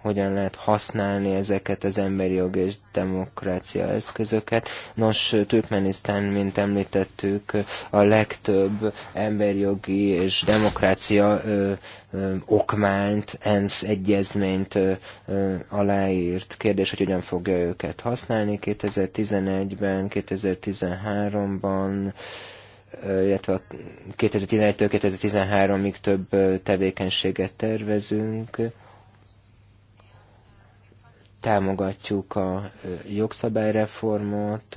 hogyan lehet használni ezeket az emberi jog és demokrácia eszközöket. Nos, Türkmenisztán, mint említettük, a legtöbb emberi jogi és demokrácia ö, ö, okmányt, ENSZ egyezményt ö, ö, aláírt. Kérdés, hogy hogyan fogja őket használni 2011-ben, 2013-ban illetve 2011-től 2013-ig több tevékenységet tervezünk. Támogatjuk a jogszabályreformot,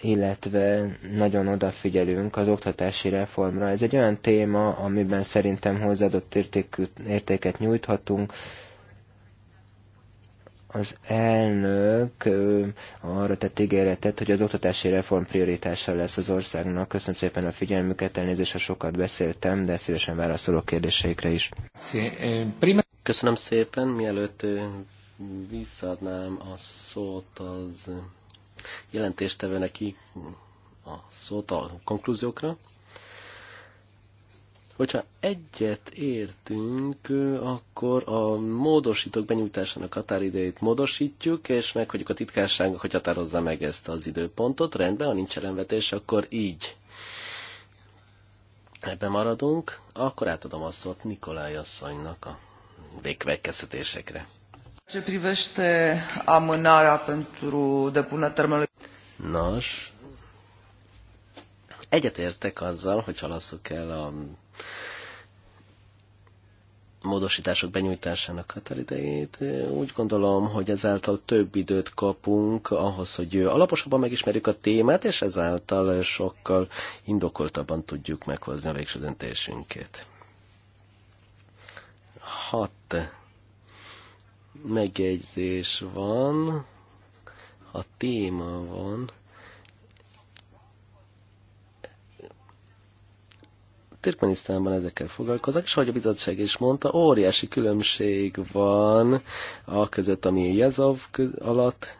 illetve nagyon odafigyelünk az oktatási reformra. Ez egy olyan téma, amiben szerintem hozzáadott értéket nyújthatunk, az elnök arra tett ígéretet, hogy az oktatási reform prioritása lesz az országnak. Köszönöm szépen a figyelmüket, elnézést, ha sokat beszéltem, de szívesen válaszolok kérdéseikre is. Eh, Köszönöm szépen, mielőtt visszaadnám a szót az jelentéstevőnek a szót a konklúziókra. Hogyha egyet értünk, akkor a módosítók benyújtásának határidejét módosítjuk, és meghagyjuk a titkárság, hogy határozza meg ezt az időpontot. Rendben, ha nincs elemvetés, akkor így. Ebben maradunk, akkor átadom a szót Nikolai asszonynak a végkövetkeztetésekre. pentru Nos, egyetértek azzal, hogy halasszuk el a módosítások benyújtásának határidejét. Úgy gondolom, hogy ezáltal több időt kapunk ahhoz, hogy alaposabban megismerjük a témát, és ezáltal sokkal indokoltabban tudjuk meghozni a végső döntésünket. Hat megjegyzés van, a téma van, Türkmenisztánban ezekkel foglalkoznak, és ahogy a bizottság is mondta, óriási különbség van a között, ami Jezov alatt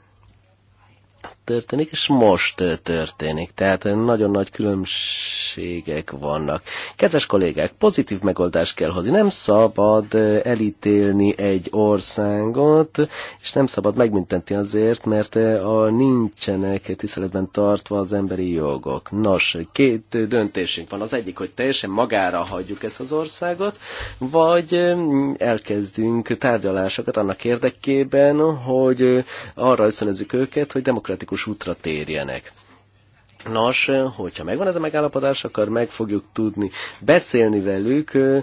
történik, és most történik. Tehát nagyon nagy különbségek vannak. Kedves kollégák, pozitív megoldást kell hozni. Nem szabad elítélni egy országot, és nem szabad megmintenti azért, mert a nincsenek tiszteletben tartva az emberi jogok. Nos, két döntésünk van. Az egyik, hogy teljesen magára hagyjuk ezt az országot, vagy elkezdünk tárgyalásokat annak érdekében, hogy arra összönözzük őket, hogy demokratikus Krisztus útra térjenek. Nos, hogyha megvan ez a megállapodás, akkor meg fogjuk tudni beszélni velük ö,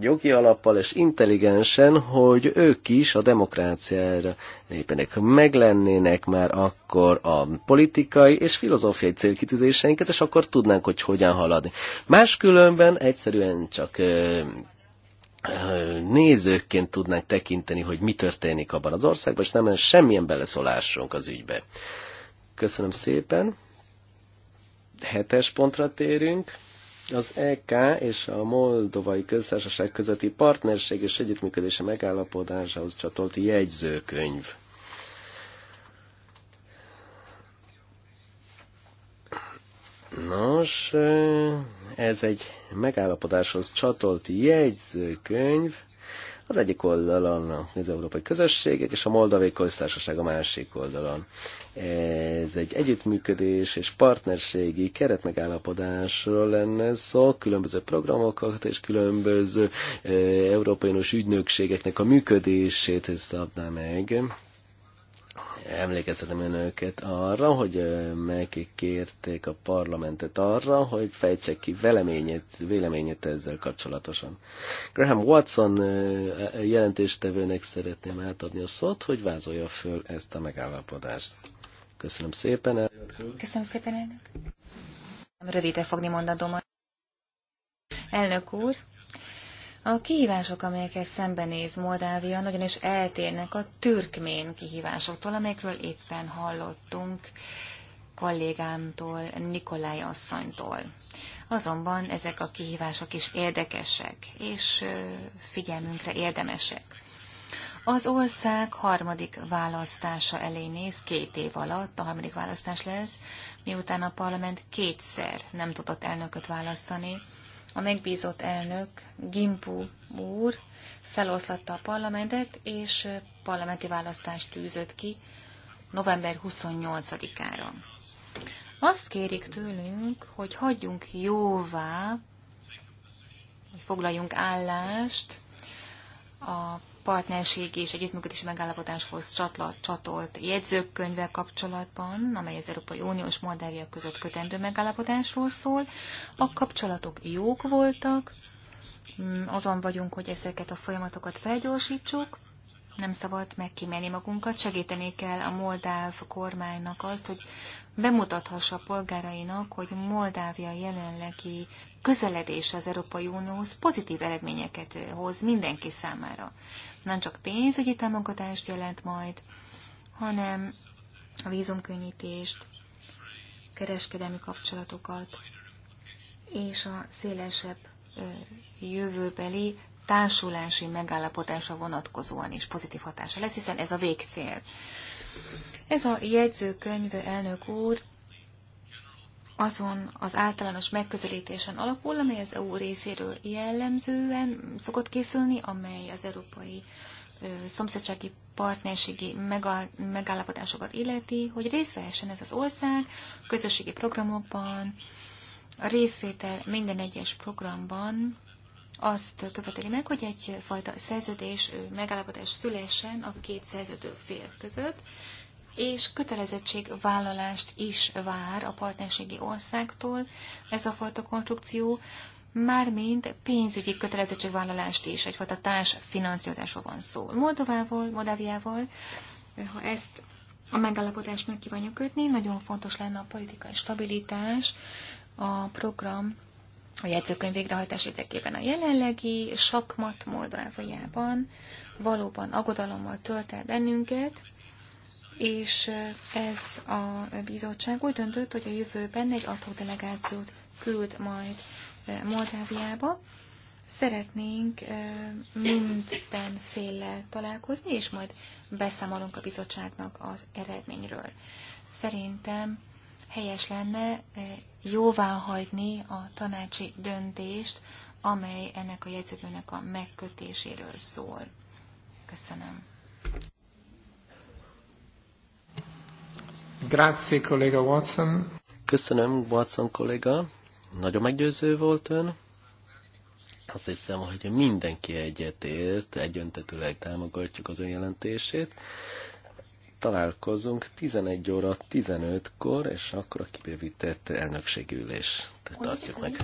jogi alappal és intelligensen, hogy ők is a demokráciára lépjenek. Meglennének már akkor a politikai és filozófiai célkitűzéseinket, és akkor tudnánk, hogy hogyan haladni. Máskülönben egyszerűen csak ö, nézőkként tudnánk tekinteni, hogy mi történik abban az országban, és nem lenne semmilyen beleszólásunk az ügybe. Köszönöm szépen. Hetes pontra térünk. Az EK és a Moldovai Köztársaság közötti partnerség és együttműködése megállapodásához csatolt jegyzőkönyv. Nos, ez egy megállapodáshoz csatolt jegyzőkönyv, az egyik oldalon az Európai Közösségek, és a Moldavai Köztársaság a másik oldalon. Ez egy együttműködés és partnerségi keretmegállapodásról lenne szó, különböző programokat és különböző e, Európai Uniós ügynökségeknek a működését szabná meg emlékeztetem önöket arra, hogy megkérték a parlamentet arra, hogy fejtsek ki véleményét, véleményét ezzel kapcsolatosan. Graham Watson jelentéstevőnek szeretném átadni a szót, hogy vázolja föl ezt a megállapodást. Köszönöm szépen, El... Köszönöm szépen, elnök. Röviden fogni mondanom. Elnök úr, a kihívások, amelyekkel szembenéz Moldávia, nagyon is eltérnek a türkmén kihívásoktól, amelyekről éppen hallottunk kollégámtól, Nikolaj asszonytól. Azonban ezek a kihívások is érdekesek, és figyelmünkre érdemesek. Az ország harmadik választása elé néz két év alatt, a harmadik választás lesz, miután a parlament kétszer nem tudott elnököt választani, a megbízott elnök Gimpu úr feloszlatta a parlamentet, és parlamenti választást tűzött ki november 28-ára. Azt kérik tőlünk, hogy hagyjunk jóvá, hogy foglaljunk állást a partnerségi és együttműködési megállapodáshoz csatla, csatolt jegyzőkönyvvel kapcsolatban, amely az Európai Unió és Moldávia között kötendő megállapodásról szól. A kapcsolatok jók voltak, mm, azon vagyunk, hogy ezeket a folyamatokat felgyorsítsuk, nem szabad megkímélni magunkat, segíteni kell a moldáv kormánynak azt, hogy bemutathassa a polgárainak, hogy Moldávia jelenlegi közeledése az Európai Unióhoz pozitív eredményeket hoz mindenki számára nem csak pénzügyi támogatást jelent majd, hanem a vízumkönnyítést, kereskedelmi kapcsolatokat és a szélesebb jövőbeli társulási megállapodása vonatkozóan is pozitív hatása lesz, hiszen ez a végcél. Ez a jegyzőkönyv, elnök úr, azon az általános megközelítésen alapul, amely az EU részéről jellemzően szokott készülni, amely az európai ö, szomszédsági partnerségi megállapodásokat illeti, hogy részt vehessen ez az ország közösségi programokban, a részvétel minden egyes programban azt követeli meg, hogy egyfajta szerződés, megállapodás szülessen a két szerződő fél között, és kötelezettségvállalást is vár a partnerségi országtól ez a fajta konstrukció, mármint pénzügyi kötelezettségvállalást is, egyfajta társ finanszírozásról van szó. Moldovával, Moldáviával, ha ezt a megállapodást meg kívánjuk kötni, nagyon fontos lenne a politikai stabilitás, a program a jegyzőkönyv végrehajtás érdekében a jelenlegi sakmat Moldovájában valóban aggodalommal tölt el bennünket, és ez a bizottság úgy döntött, hogy a jövőben egy adhok delegációt küld majd Moldáviába. Szeretnénk mindenféle találkozni, és majd beszámolunk a bizottságnak az eredményről. Szerintem helyes lenne jóvá hagyni a tanácsi döntést, amely ennek a jegyzőkönyvnek a megkötéséről szól. Köszönöm. Grazie, kollega Watson. Köszönöm, Watson kollega. Nagyon meggyőző volt ön. Azt hiszem, hogy mindenki egyetért, egyöntetőleg támogatjuk az jelentését, Találkozunk 11 óra 15-kor, és akkor a kibővített elnökségülés tartjuk meg.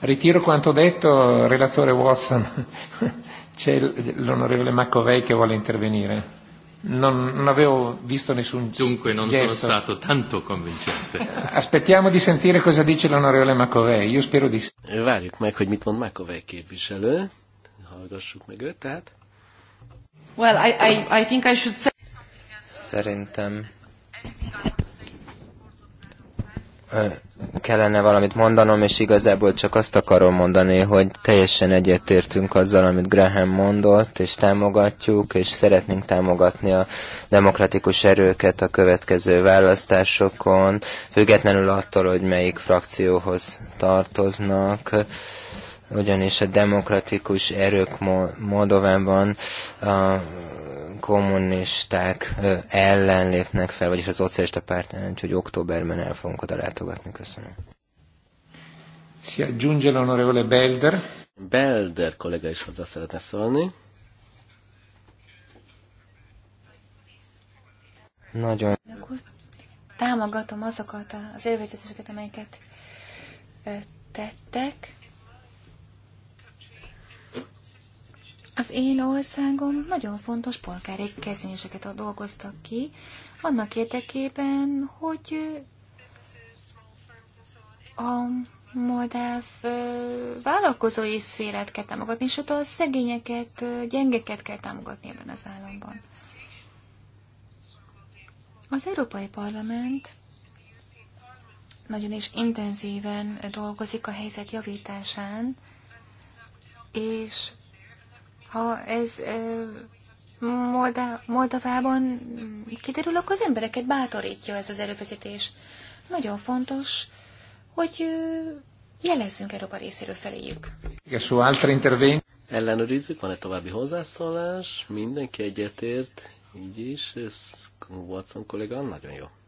Ritiro quanto detto, relatore Watson. C'è l'onorevole Maccovei che vuole intervenire. Non, non avevo visto nessun Dunque non gesto. sono stato tanto convincente. Aspettiamo di sentire cosa dice l'onorevole Maccovei. Io spero di sì. Várjuk meg, hogy mit mond Maccovei képviselő. Hallgassuk meg őt, tehát. Well, I, I, I think I should say Szerintem kellene valamit mondanom, és igazából csak azt akarom mondani, hogy teljesen egyetértünk azzal, amit Graham mondott, és támogatjuk, és szeretnénk támogatni a demokratikus erőket a következő választásokon, függetlenül attól, hogy melyik frakcióhoz tartoznak ugyanis a demokratikus erők Moldovánban a kommunisták ellen lépnek fel, vagyis a szocialista párt ellen, úgyhogy októberben el fogunk oda látogatni. Köszönöm. Si aggiunge l'onorevole Belder. Belder kollega is hozzá szeretne szólni. Nagyon. Akkor támogatom azokat az élvezetéseket, amelyeket tettek. Az én országom nagyon fontos polgári kezdeményezéseket dolgoztak ki, annak érdekében, hogy a moldáv vállalkozói szférát kell támogatni, és ott a szegényeket, gyengeket kell támogatni ebben az államban. Az Európai Parlament nagyon is intenzíven dolgozik a helyzet javításán, és ha ez Molda, Moldavában kiderül, akkor az embereket bátorítja ez az erőfeszítés. Nagyon fontos, hogy jelezzünk Európa részéről feléjük. Ellenőrizzük, van-e további hozzászólás? Mindenki egyetért, így is. Ez Watson kolléga, nagyon jó.